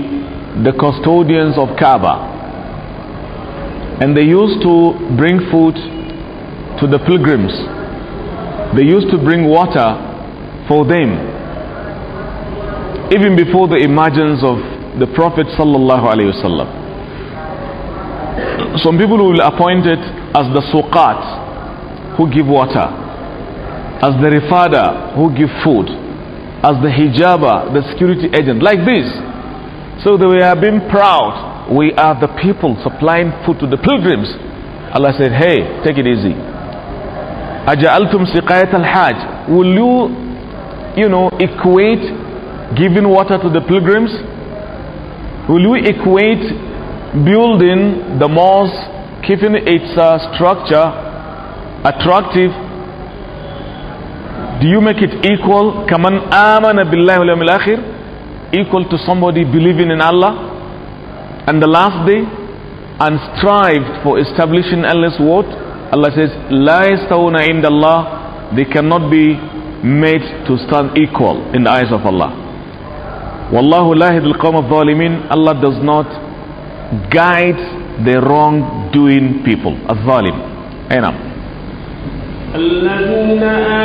the custodians of Kaaba and they used to bring food to the pilgrims they used to bring water for them even before the emergence of the prophet sallallahu alaihi wasallam some people will appoint it as the suqat who give water as the rifada who give food as the hijaba, the security agent, like this. So they were being proud. We are the people supplying food to the pilgrims. Allah said, hey, take it easy. siqayat al Hajj. Will you, you know, equate giving water to the pilgrims? Will you equate building the mosque, keeping its uh, structure attractive do you make it equal kaman amana billahi wal yawmil akhir equal to somebody believing in Allah and the last day and strived for establishing Allah's word Allah says la yastawuna indallah they cannot be made to stand equal in the eyes of Allah wallahu la yahdil qawm adh-dhalimin Allah does not guide the wrong-doing people adh-dhalim الذين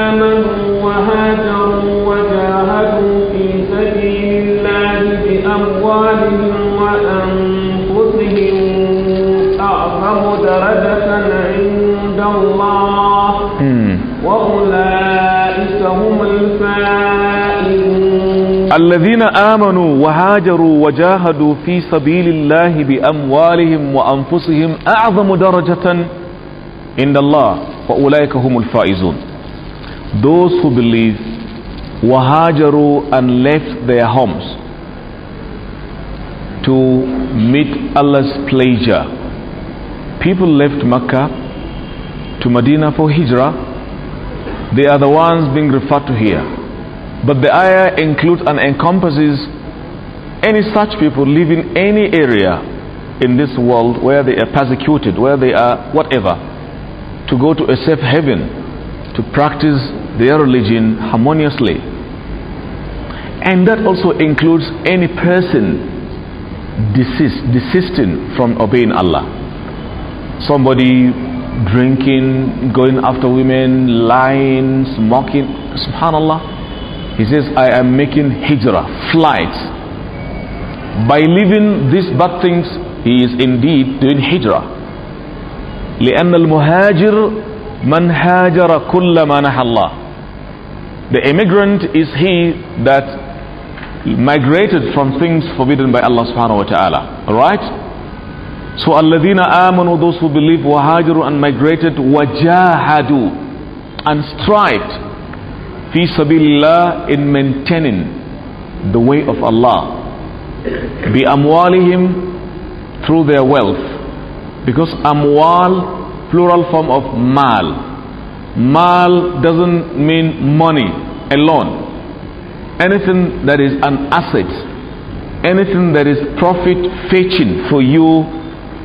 آمنوا وهاجروا وجاهدوا في سبيل الله بأموالهم وأنفسهم أعظم درجة عند الله وأولئك هم الفائزون الذين آمنوا وهاجروا وجاهدوا في سبيل الله بأموالهم وأنفسهم أعظم درجة in the law فَأُولَٰئِكَ هُمُ Those who believe wahajaru and left their homes to meet Allah's pleasure. People left Mecca to Medina for Hijrah. They are the ones being referred to here. But the ayah includes and encompasses any such people living any area in this world where they are persecuted, where they are whatever to go to a safe haven to practice their religion harmoniously. And that also includes any person desist, desisting from obeying Allah. Somebody drinking, going after women, lying, smoking. Subhanallah. He says, I am making hijrah, flight By leaving these bad things, he is indeed doing hijrah. لأن المهاجر من هاجر كل ما نهى الله The immigrant is he that migrated from things forbidden by Allah subhanahu wa ta'ala. Alright? So الذين آمنوا those who believe وهاجروا and migrated وجاهدوا and strived في سبيل الله in maintaining the way of Allah بأموالهم through their wealth because amwal plural form of mal mal doesn't mean money alone anything that is an asset anything that is profit fetching for you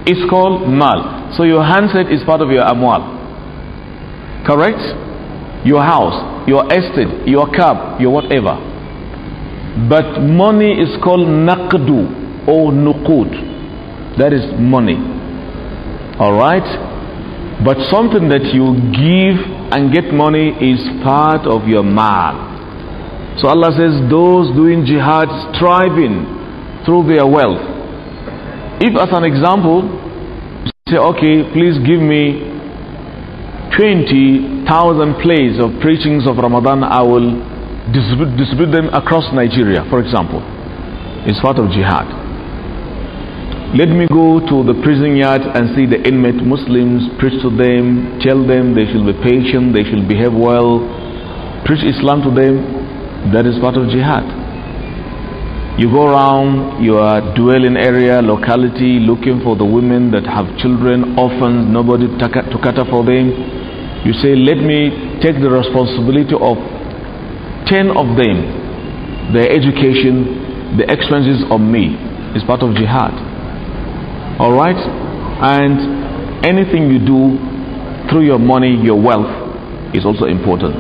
is called mal so your handset is part of your amwal correct your house your estate your car your whatever but money is called naqdu or nuqud that is money all right? But something that you give and get money is part of your mal. So Allah says, those doing jihad striving through their wealth. If, as an example, say, okay, please give me 20,000 plays of preachings of Ramadan, I will distribute, distribute them across Nigeria, for example. It's part of jihad. Let me go to the prison yard and see the inmate Muslims, preach to them, tell them they should be patient, they should behave well, preach Islam to them. That is part of jihad. You go around your dwelling area, locality, looking for the women that have children, orphans, nobody to cater for them. You say, Let me take the responsibility of 10 of them, their education, the expenses on me. It's part of jihad all right and anything you do through your money your wealth is also important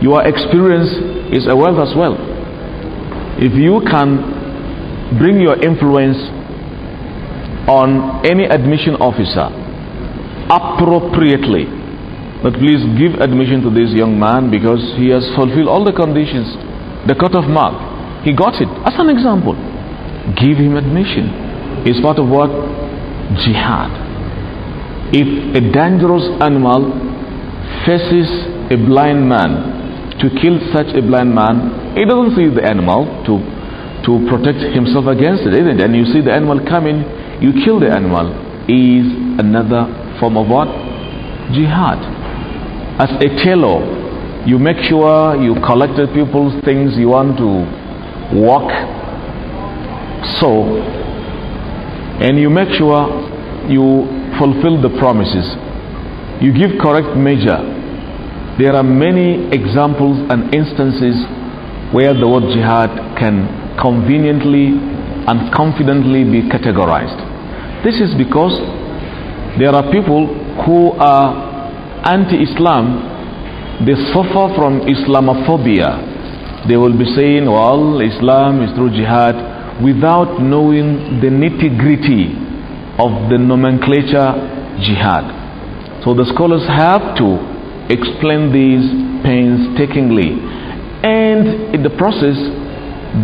your experience is a wealth as well if you can bring your influence on any admission officer appropriately but please give admission to this young man because he has fulfilled all the conditions the cut-off mark he got it as an example give him admission is part of what? Jihad. If a dangerous animal faces a blind man to kill such a blind man, he doesn't see the animal to, to protect himself against it, isn't it? And you see the animal coming, you kill the animal, is another form of what? Jihad. As a tailor, you make sure you collect the people's things you want to walk. So and you make sure you fulfill the promises. You give correct measure. There are many examples and instances where the word jihad can conveniently and confidently be categorized. This is because there are people who are anti Islam, they suffer from Islamophobia. They will be saying, well, Islam is through jihad without knowing the nitty gritty of the nomenclature jihad. So the scholars have to explain these painstakingly. And in the process,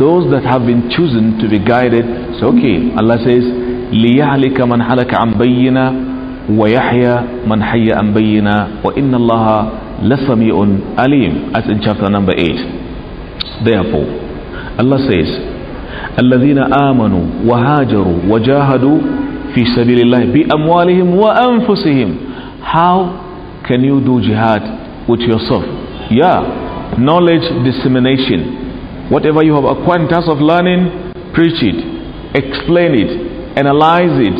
those that have been chosen to be guided, so okay, Allah says, ليعلك مَنْ هَلَكَ عَنْ بَيِّنَا وَيَحْيَى مَنْ حَيَّ عَنْ بَيِّنَا وَإِنَّ اللَّهَ لَسَمِيعٌ عليم, As in chapter number 8. Therefore, Allah says, الذين آمنوا وهاجروا وجاهدوا في سبيل الله بأموالهم وأنفسهم how can you do jihad with yourself yeah knowledge dissemination whatever you have acquired in of learning preach it explain it analyze it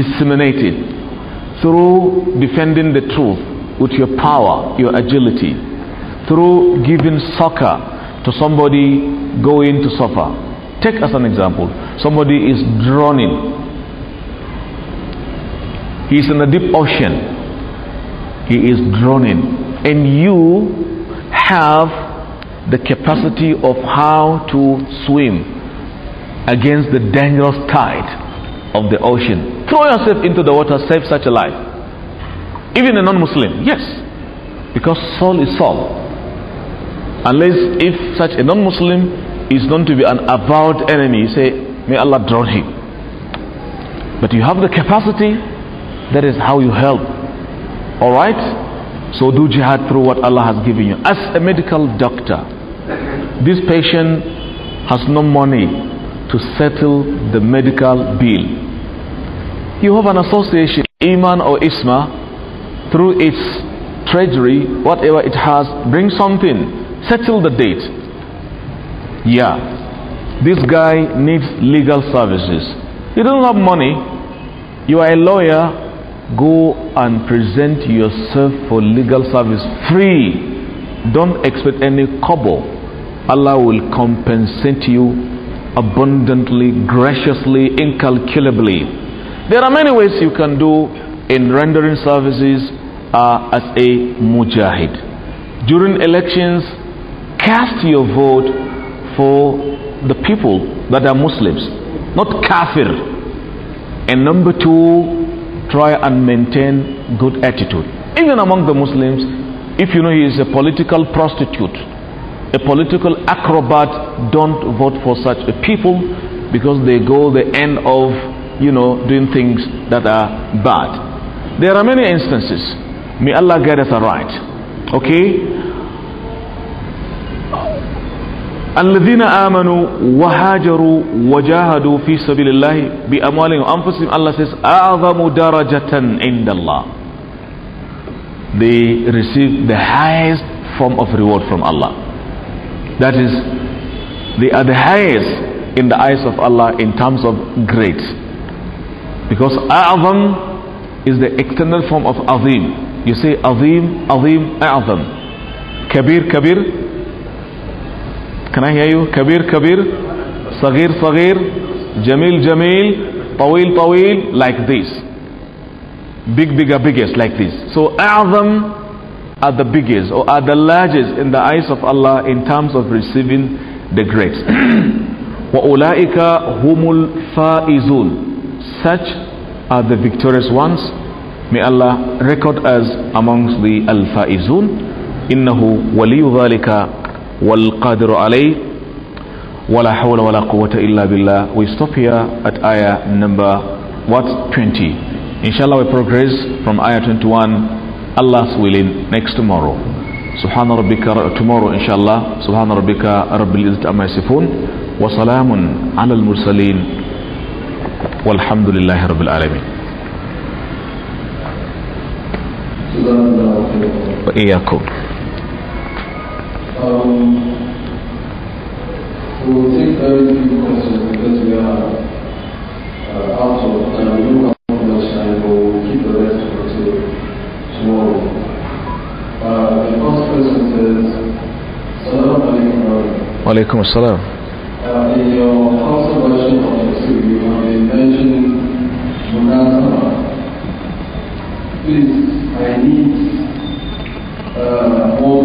disseminate it through defending the truth with your power your agility through giving succor to somebody going to suffer Take as an example somebody is drowning, he is in a deep ocean, he is drowning, and you have the capacity of how to swim against the dangerous tide of the ocean. Throw yourself into the water, save such a life. Even a non Muslim, yes, because soul is soul. Unless if such a non Muslim is known to be an avowed enemy, say, May Allah draw him. But you have the capacity, that is how you help. Alright? So do jihad through what Allah has given you. As a medical doctor, this patient has no money to settle the medical bill. You have an association, Iman or Isma, through its treasury, whatever it has, bring something, settle the date yeah, this guy needs legal services. You don't have money. You are a lawyer. Go and present yourself for legal service free. Don't expect any cobble. Allah will compensate you abundantly, graciously, incalculably. There are many ways you can do in rendering services uh, as a mujahid. During elections, cast your vote for the people that are Muslims, not kafir. And number two, try and maintain good attitude. Even among the Muslims, if you know he is a political prostitute, a political acrobat, don't vote for such a people because they go the end of, you know, doing things that are bad. There are many instances. May Allah guide us aright. Okay? الذين آمنوا وهاجروا وجاهدوا في سبيل الله بأموالهم وأنفسهم Allah says أعظم درجة عند الله they receive the highest form of reward from Allah that is they are the highest in the eyes of Allah in terms of great because أعظم is the external form of azim you say azim azim أعظم كبير كبير can I hear you? Kabir, Kabir, Sagir, Sagir, Jamil, Jamil, Pawil, Pawil, like this. Big, bigger, biggest, like this. So A'zam are the biggest or are the largest in the eyes of Allah in terms of receiving the grace. وَأُولَٰئِكَ هُمُ الْفَائِزُونَ Such are the victorious ones. May Allah record us amongst the Al-Faizun. إنه ولي ذلك والقادر عليه ولا حول ولا قوة إلا بالله we stop here at ayah number what 20 inshallah we progress from ayah 21 Allah's willing next tomorrow سبحان ربك tomorrow inshallah سبحان ربك رب العزة أما يصفون وسلام على المرسلين والحمد لله رب العالمين وإياكم um, we will take very few questions because we are uh, out of time. We don't have much time, but we'll keep the rest until tomorrow. Uh, the first question says, Salam alaikum. Wa alaikum salam. Uh, in your first of the story, you have mentioned Munazama. Please, I need uh, more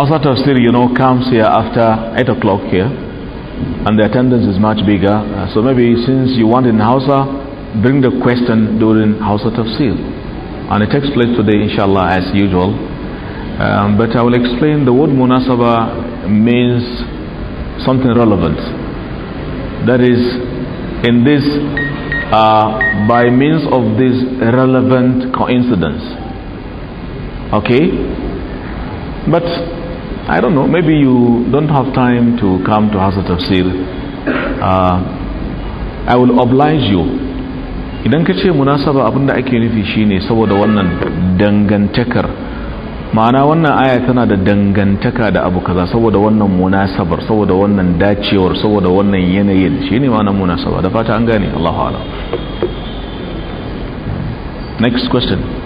of Siri, you know, comes here after 8 o'clock here, and the attendance is much bigger. Uh, so maybe since you want in Hausa, bring the question during of Siri. And it takes place today, inshallah, as usual. Um, but I will explain the word munasaba means something relevant. That is, in this, uh, by means of this relevant coincidence. Okay? But I don't know, maybe you don't have time to come to Hazrat Tafsir. Uh, I will oblige you. Idan ka ce munasaba abinda ake nufi shine saboda wannan dangantakar ma'ana wannan aya tana da dangantaka da abu kaza saboda wannan munasabar saboda wannan dacewar saboda wannan yanayin shine ma'anar munasaba da fata an gane Allahu a'lam next question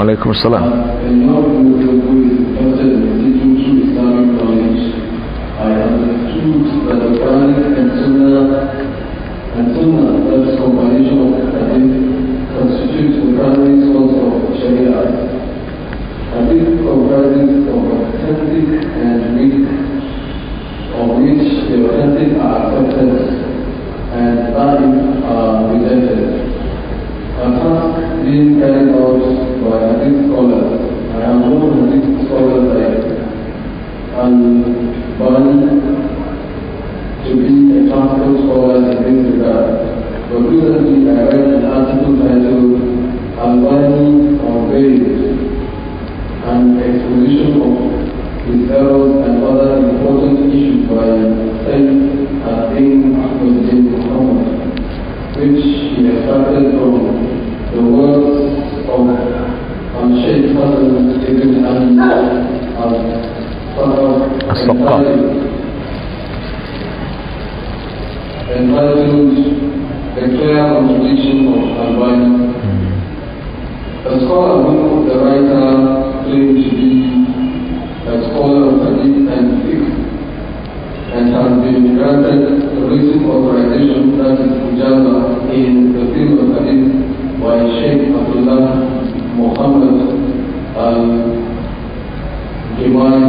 وعليكم السلام and exposition of reserves and other important issues by Sayyid Hatim Ahmaduddin Muhammad, which he extracted from the works of um, Sheikh Hassan Ibn Ali al-Sakar entitled The Clear Contradiction of Albania. The scholar who the writer claim to be a scholar of Hadith and Fiqh and has been granted recent authorization that is Ujaba in the field of Hadith by Sheikh Abdullah Muhammad al-Imam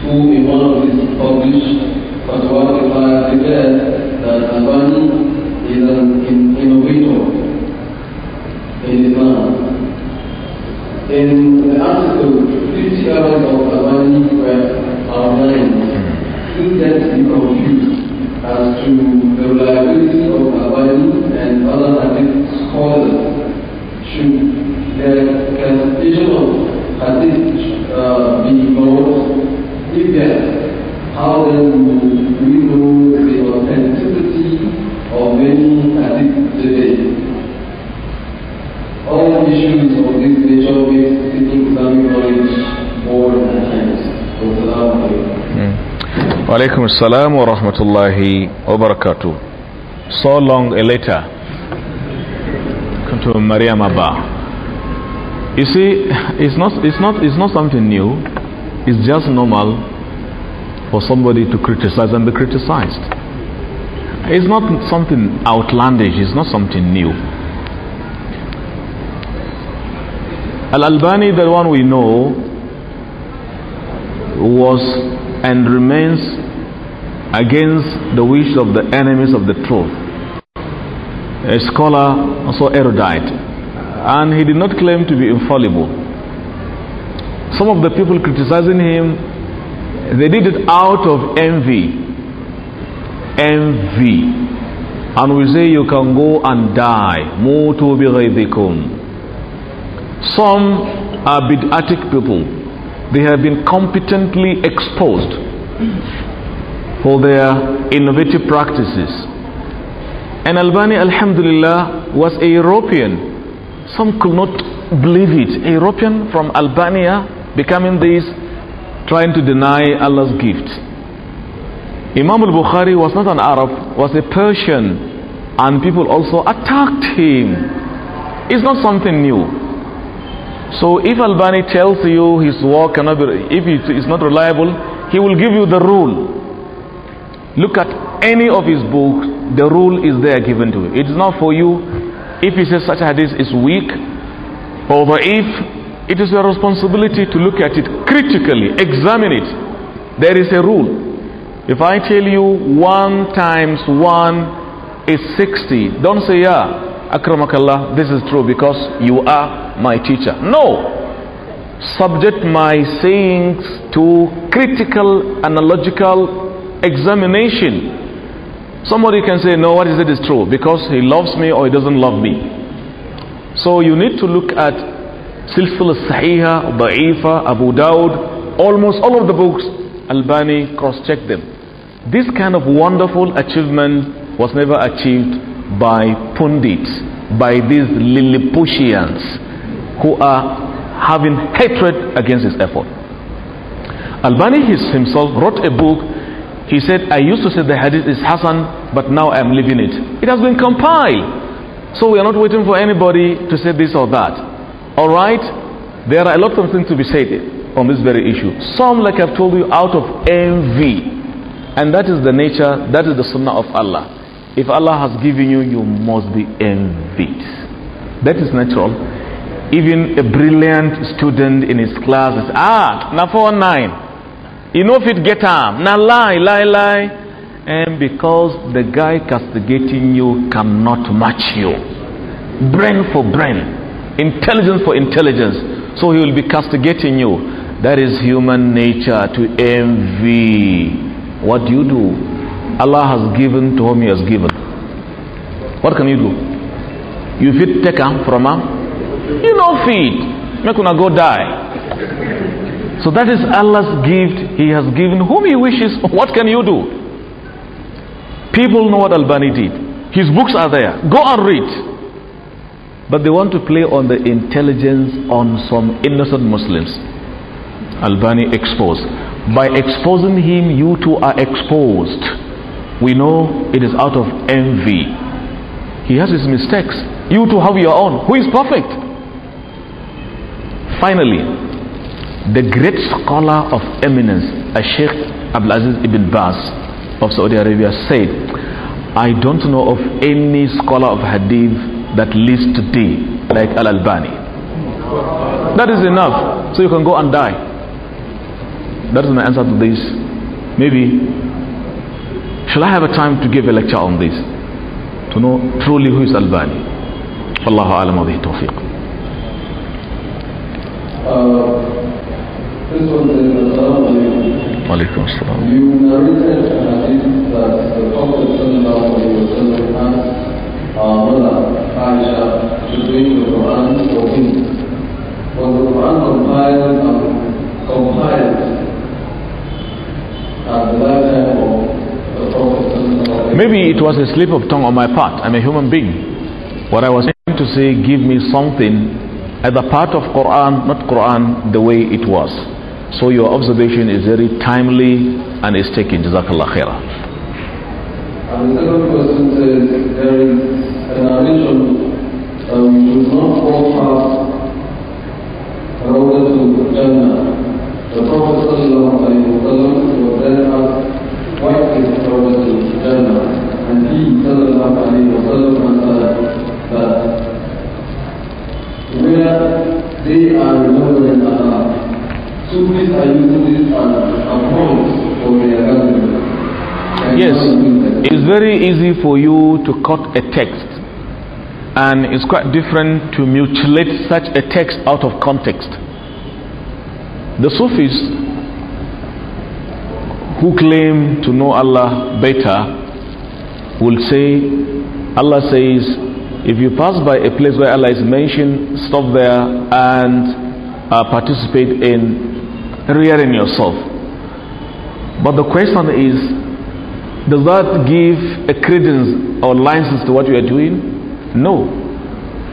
who in one of his published fatwa declared that Albani is an innovator amounts to 50 hours of Amani were online. Who gets confused as to the reliability of Amani and other Hadith scholars? Should their classification of Hadith uh, be involved? If yes, how then do we know the authenticity of any Hadith today? All issues Walaikum assalam wa rahmatullahi wa barakatuh. So long a letter to Maria Abba. You see, it's not, it's, not, it's not something new. It's just normal for somebody to criticize and be criticized. It's not something outlandish. It's not something new. Al-Albani, the one we know, was and remains against the wish of the enemies of the truth. A scholar, also erudite, and he did not claim to be infallible. Some of the people criticizing him, they did it out of envy. Envy. And we say you can go and die. Some are bid'atic people they have been competently exposed for their innovative practices. And Albania, alhamdulillah, was a European. Some could not believe it. A European from Albania becoming this, trying to deny Allah's gift. Imam al Bukhari was not an Arab, was a Persian, and people also attacked him. It's not something new. So if Albani tells you his work cannot be, if it is not reliable, he will give you the rule. Look at any of his books, the rule is there given to you. It is not for you. If he says such a hadith is weak or if it is your responsibility to look at it critically, examine it. There is a rule. If I tell you one times one is 60, don't say yeah akramakallah this is true because you are my teacher no subject my sayings to critical analogical examination somebody can say no what is it is true because he loves me or he doesn't love me so you need to look at silsila sahiha da'ifa abu Dawud, almost all of the books albani cross-check them this kind of wonderful achievement was never achieved by pundits, by these Lilliputians who are having hatred against his effort. Albani himself wrote a book. He said, I used to say the hadith is Hassan, but now I'm leaving it. It has been compiled. So we are not waiting for anybody to say this or that. All right? There are a lot of things to be said on this very issue. Some, like I've told you, out of envy. And that is the nature, that is the sunnah of Allah if Allah has given you, you must be envied. That is natural. Even a brilliant student in his class is, ah, na 4-9. You know if it get arm, na lie, lie, lie. And because the guy castigating you cannot match you. Brain for brain. Intelligence for intelligence. So he will be castigating you. That is human nature to envy. What do you do? Allah has given to whom He has given. What can you do? You feed take from him? You know feed. Make una go die. So that is Allah's gift. He has given whom He wishes. What can you do? People know what Albani did. His books are there. Go and read. But they want to play on the intelligence on some innocent Muslims. Albani exposed. By exposing him, you two are exposed we know it is out of envy. He has his mistakes. You too have your own. Who is perfect? Finally, the great scholar of eminence, Sheikh Abdulaziz ibn Baz of Saudi Arabia, said, I don't know of any scholar of hadith that lives today like Al Albani. That is enough. So you can go and die. That is my answer to this. Maybe Shall I have a time to give a lecture on this? To know truly who is Albani. والله أعلم وبه التوفيق. وعليكم السلام. You narrated a hadith that the Prophet sallallahu alayhi wa sallam asked uh, Aisha to bring the Quran for him. Was the Quran compiled and compiled at the lifetime of Maybe it was a slip of tongue on my part. I'm a human being. What I was trying to say, give me something at the part of Quran, not Quran, the way it was. So your observation is very timely and is taken. Jazakallah khairah. And the second question says there is an addition um, should not fall fast road to Jannah. The Prophet was then asked, What is the road to Jannah. And he sallallahu alayhi wa sallam that where they are than Allah, Sufis are using this a for their Yes, it's very easy for you to cut a text and it's quite different to mutilate such a text out of context. The Sufis who claim to know Allah better will say, Allah says, if you pass by a place where Allah is mentioned, stop there and uh, participate in rearing yourself. But the question is, does that give a credence or license to what you are doing? No.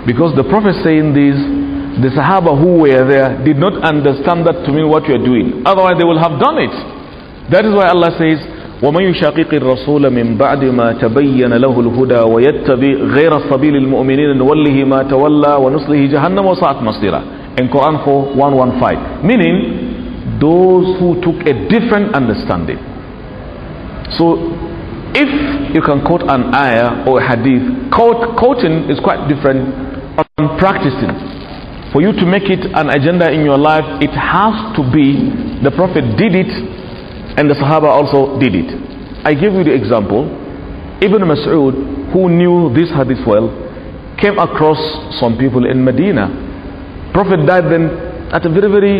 Because the Prophet saying this, the Sahaba who were there did not understand that to mean what you are doing. Otherwise, they will have done it. That is why Allah says, ومن يشاقق الرسول من بعد ما تبين له الهدى ويتبع غير سبيل المؤمنين نوله ما تولى ونصله جهنم وَصَاعَتْ مصيره in Quran 115 meaning those who took a different understanding so if you can quote an ayah or a hadith quote, quoting is quite different from practicing for you to make it an agenda in your life it has to be the prophet did it and the Sahaba also did it. I give you the example. Ibn Mas'ud, who knew this hadith well, came across some people in Medina. Prophet died then at a very, very,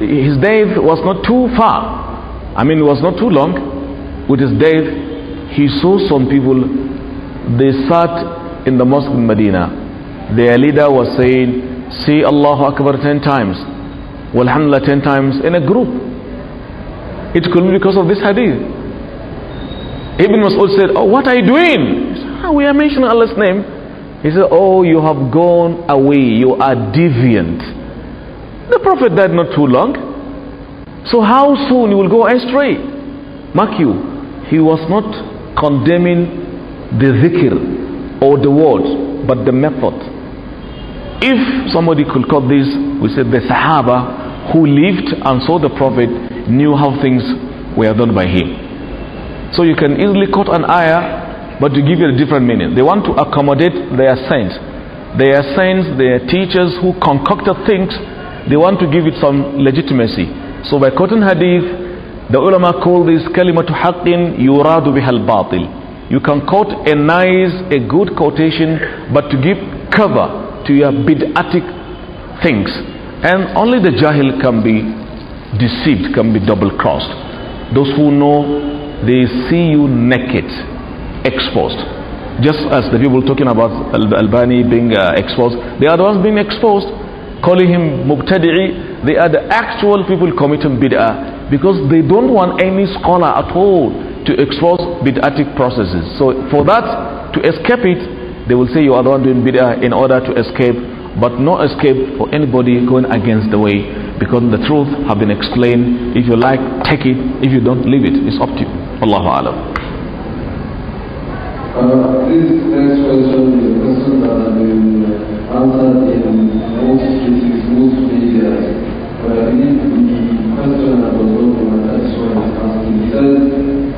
his death was not too far. I mean, it was not too long. With his death, he saw some people, they sat in the mosque in Medina. Their leader was saying, say Allahu Akbar 10 times, Walhamdulillah 10 times in a group. It could be because of this hadith. Ibn Mas'ud said, Oh, what are you doing? Said, ah, we are mentioning Allah's name. He said, Oh, you have gone away. You are deviant. The Prophet died not too long. So, how soon you will go astray? Mark you, he was not condemning the zikr or the words, but the method. If somebody could call this, we said the Sahaba who lived and saw the Prophet knew how things were done by him. So you can easily quote an ayah, but to give it a different meaning. They want to accommodate their saints. Their saints, their teachers who concocted things, they want to give it some legitimacy. So by quoting hadith, the ulama call this kalimatu haqqin yuradu bihal batil. You can quote a nice, a good quotation, but to give cover to your bid'atic things. And only the Jahil can be deceived, can be double crossed. Those who know, they see you naked, exposed. Just as the people talking about Al Albani being uh, exposed, they are the ones being exposed, calling him Muqtadi'i. They are the actual people committing bid'ah because they don't want any scholar at all to expose bid'atic processes. So, for that, to escape it, they will say you are the one doing bid'ah in order to escape but no escape for anybody going against the way because the truth have been explained if you like take it if you don't leave it it's up to you Allahu Alam uh, next question question that has been uh, answered in most cases, most But the question that was He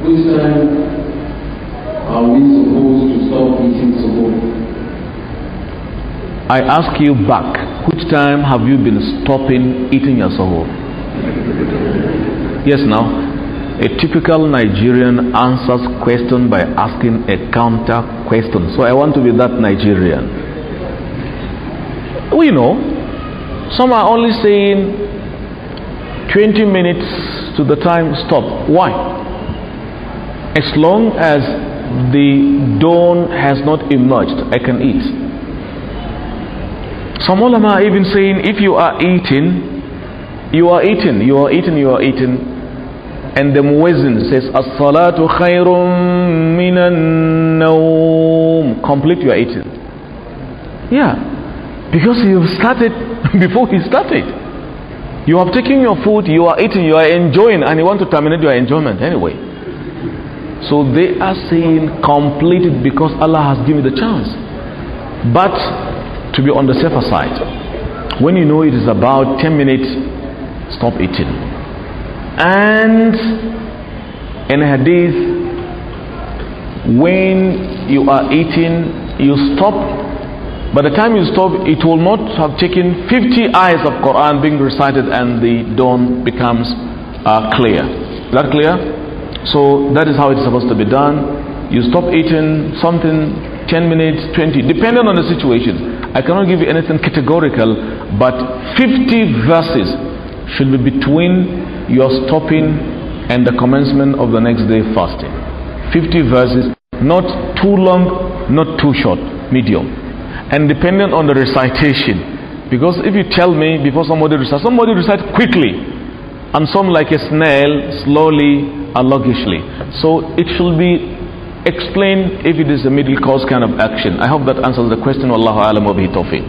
which time are we supposed to stop eating so I ask you back, which time have you been stopping eating your sahur? Yes, now. A typical Nigerian answers question by asking a counter question. So I want to be that Nigerian. We know. Some are only saying 20 minutes to the time stop. Why? As long as the dawn has not emerged, I can eat. Some ulama even saying if you are eating, you are eating, you are eating, you are eating. And the muezzin says, As-salatu khayrun minan nawm. Complete your eating. Yeah. Because you've started before he started. You have taken your food, you are eating, you are enjoying, and you want to terminate your enjoyment anyway. So they are saying complete it because Allah has given the chance. But to be on the safer side. When you know it is about 10 minutes, stop eating. And in a hadith, when you are eating, you stop. By the time you stop, it will not have taken 50 eyes of Quran being recited and the dawn becomes uh, clear. Is that clear? So that is how it's supposed to be done. You stop eating something 10 minutes, 20, depending on the situation. I cannot give you anything categorical, but 50 verses should be between your stopping and the commencement of the next day fasting. 50 verses, not too long, not too short, medium. And depending on the recitation, because if you tell me before somebody recites, somebody recites quickly, and some like a snail, slowly and luggishly. So it should be explain if it is a middle course kind of action. I hope that answers the question. Wallahu alam wa bihi tawfiq.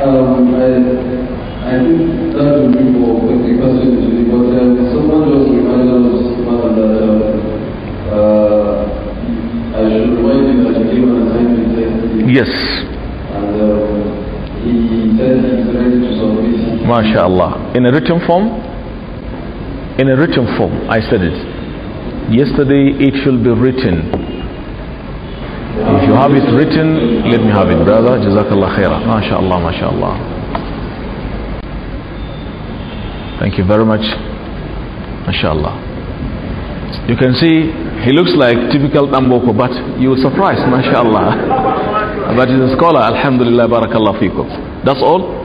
Um, I, I think that would be more the question actually, but um, someone just reminded us that uh, uh, I should remind you that he gave an assignment yesterday. Yes. And um, he said he's ready to submit. MashaAllah. In a written form? In a written form, I said it. Yesterday it shall be written. If you have it written, let me have it, brother. Jazakallah khairah. MashaAllah, mashaAllah. Thank you very much. MashaAllah. You can see he looks like typical Tamboko, but you will surprise, mashallah. but he's a scholar, alhamdulillah, barakallah fikum. That's all.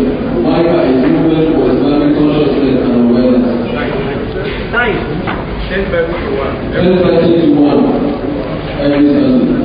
Micah is movement for Islamic consciousness and awareness. Nine. Ten by twenty-one. Ten by twenty-one. Every Sunday.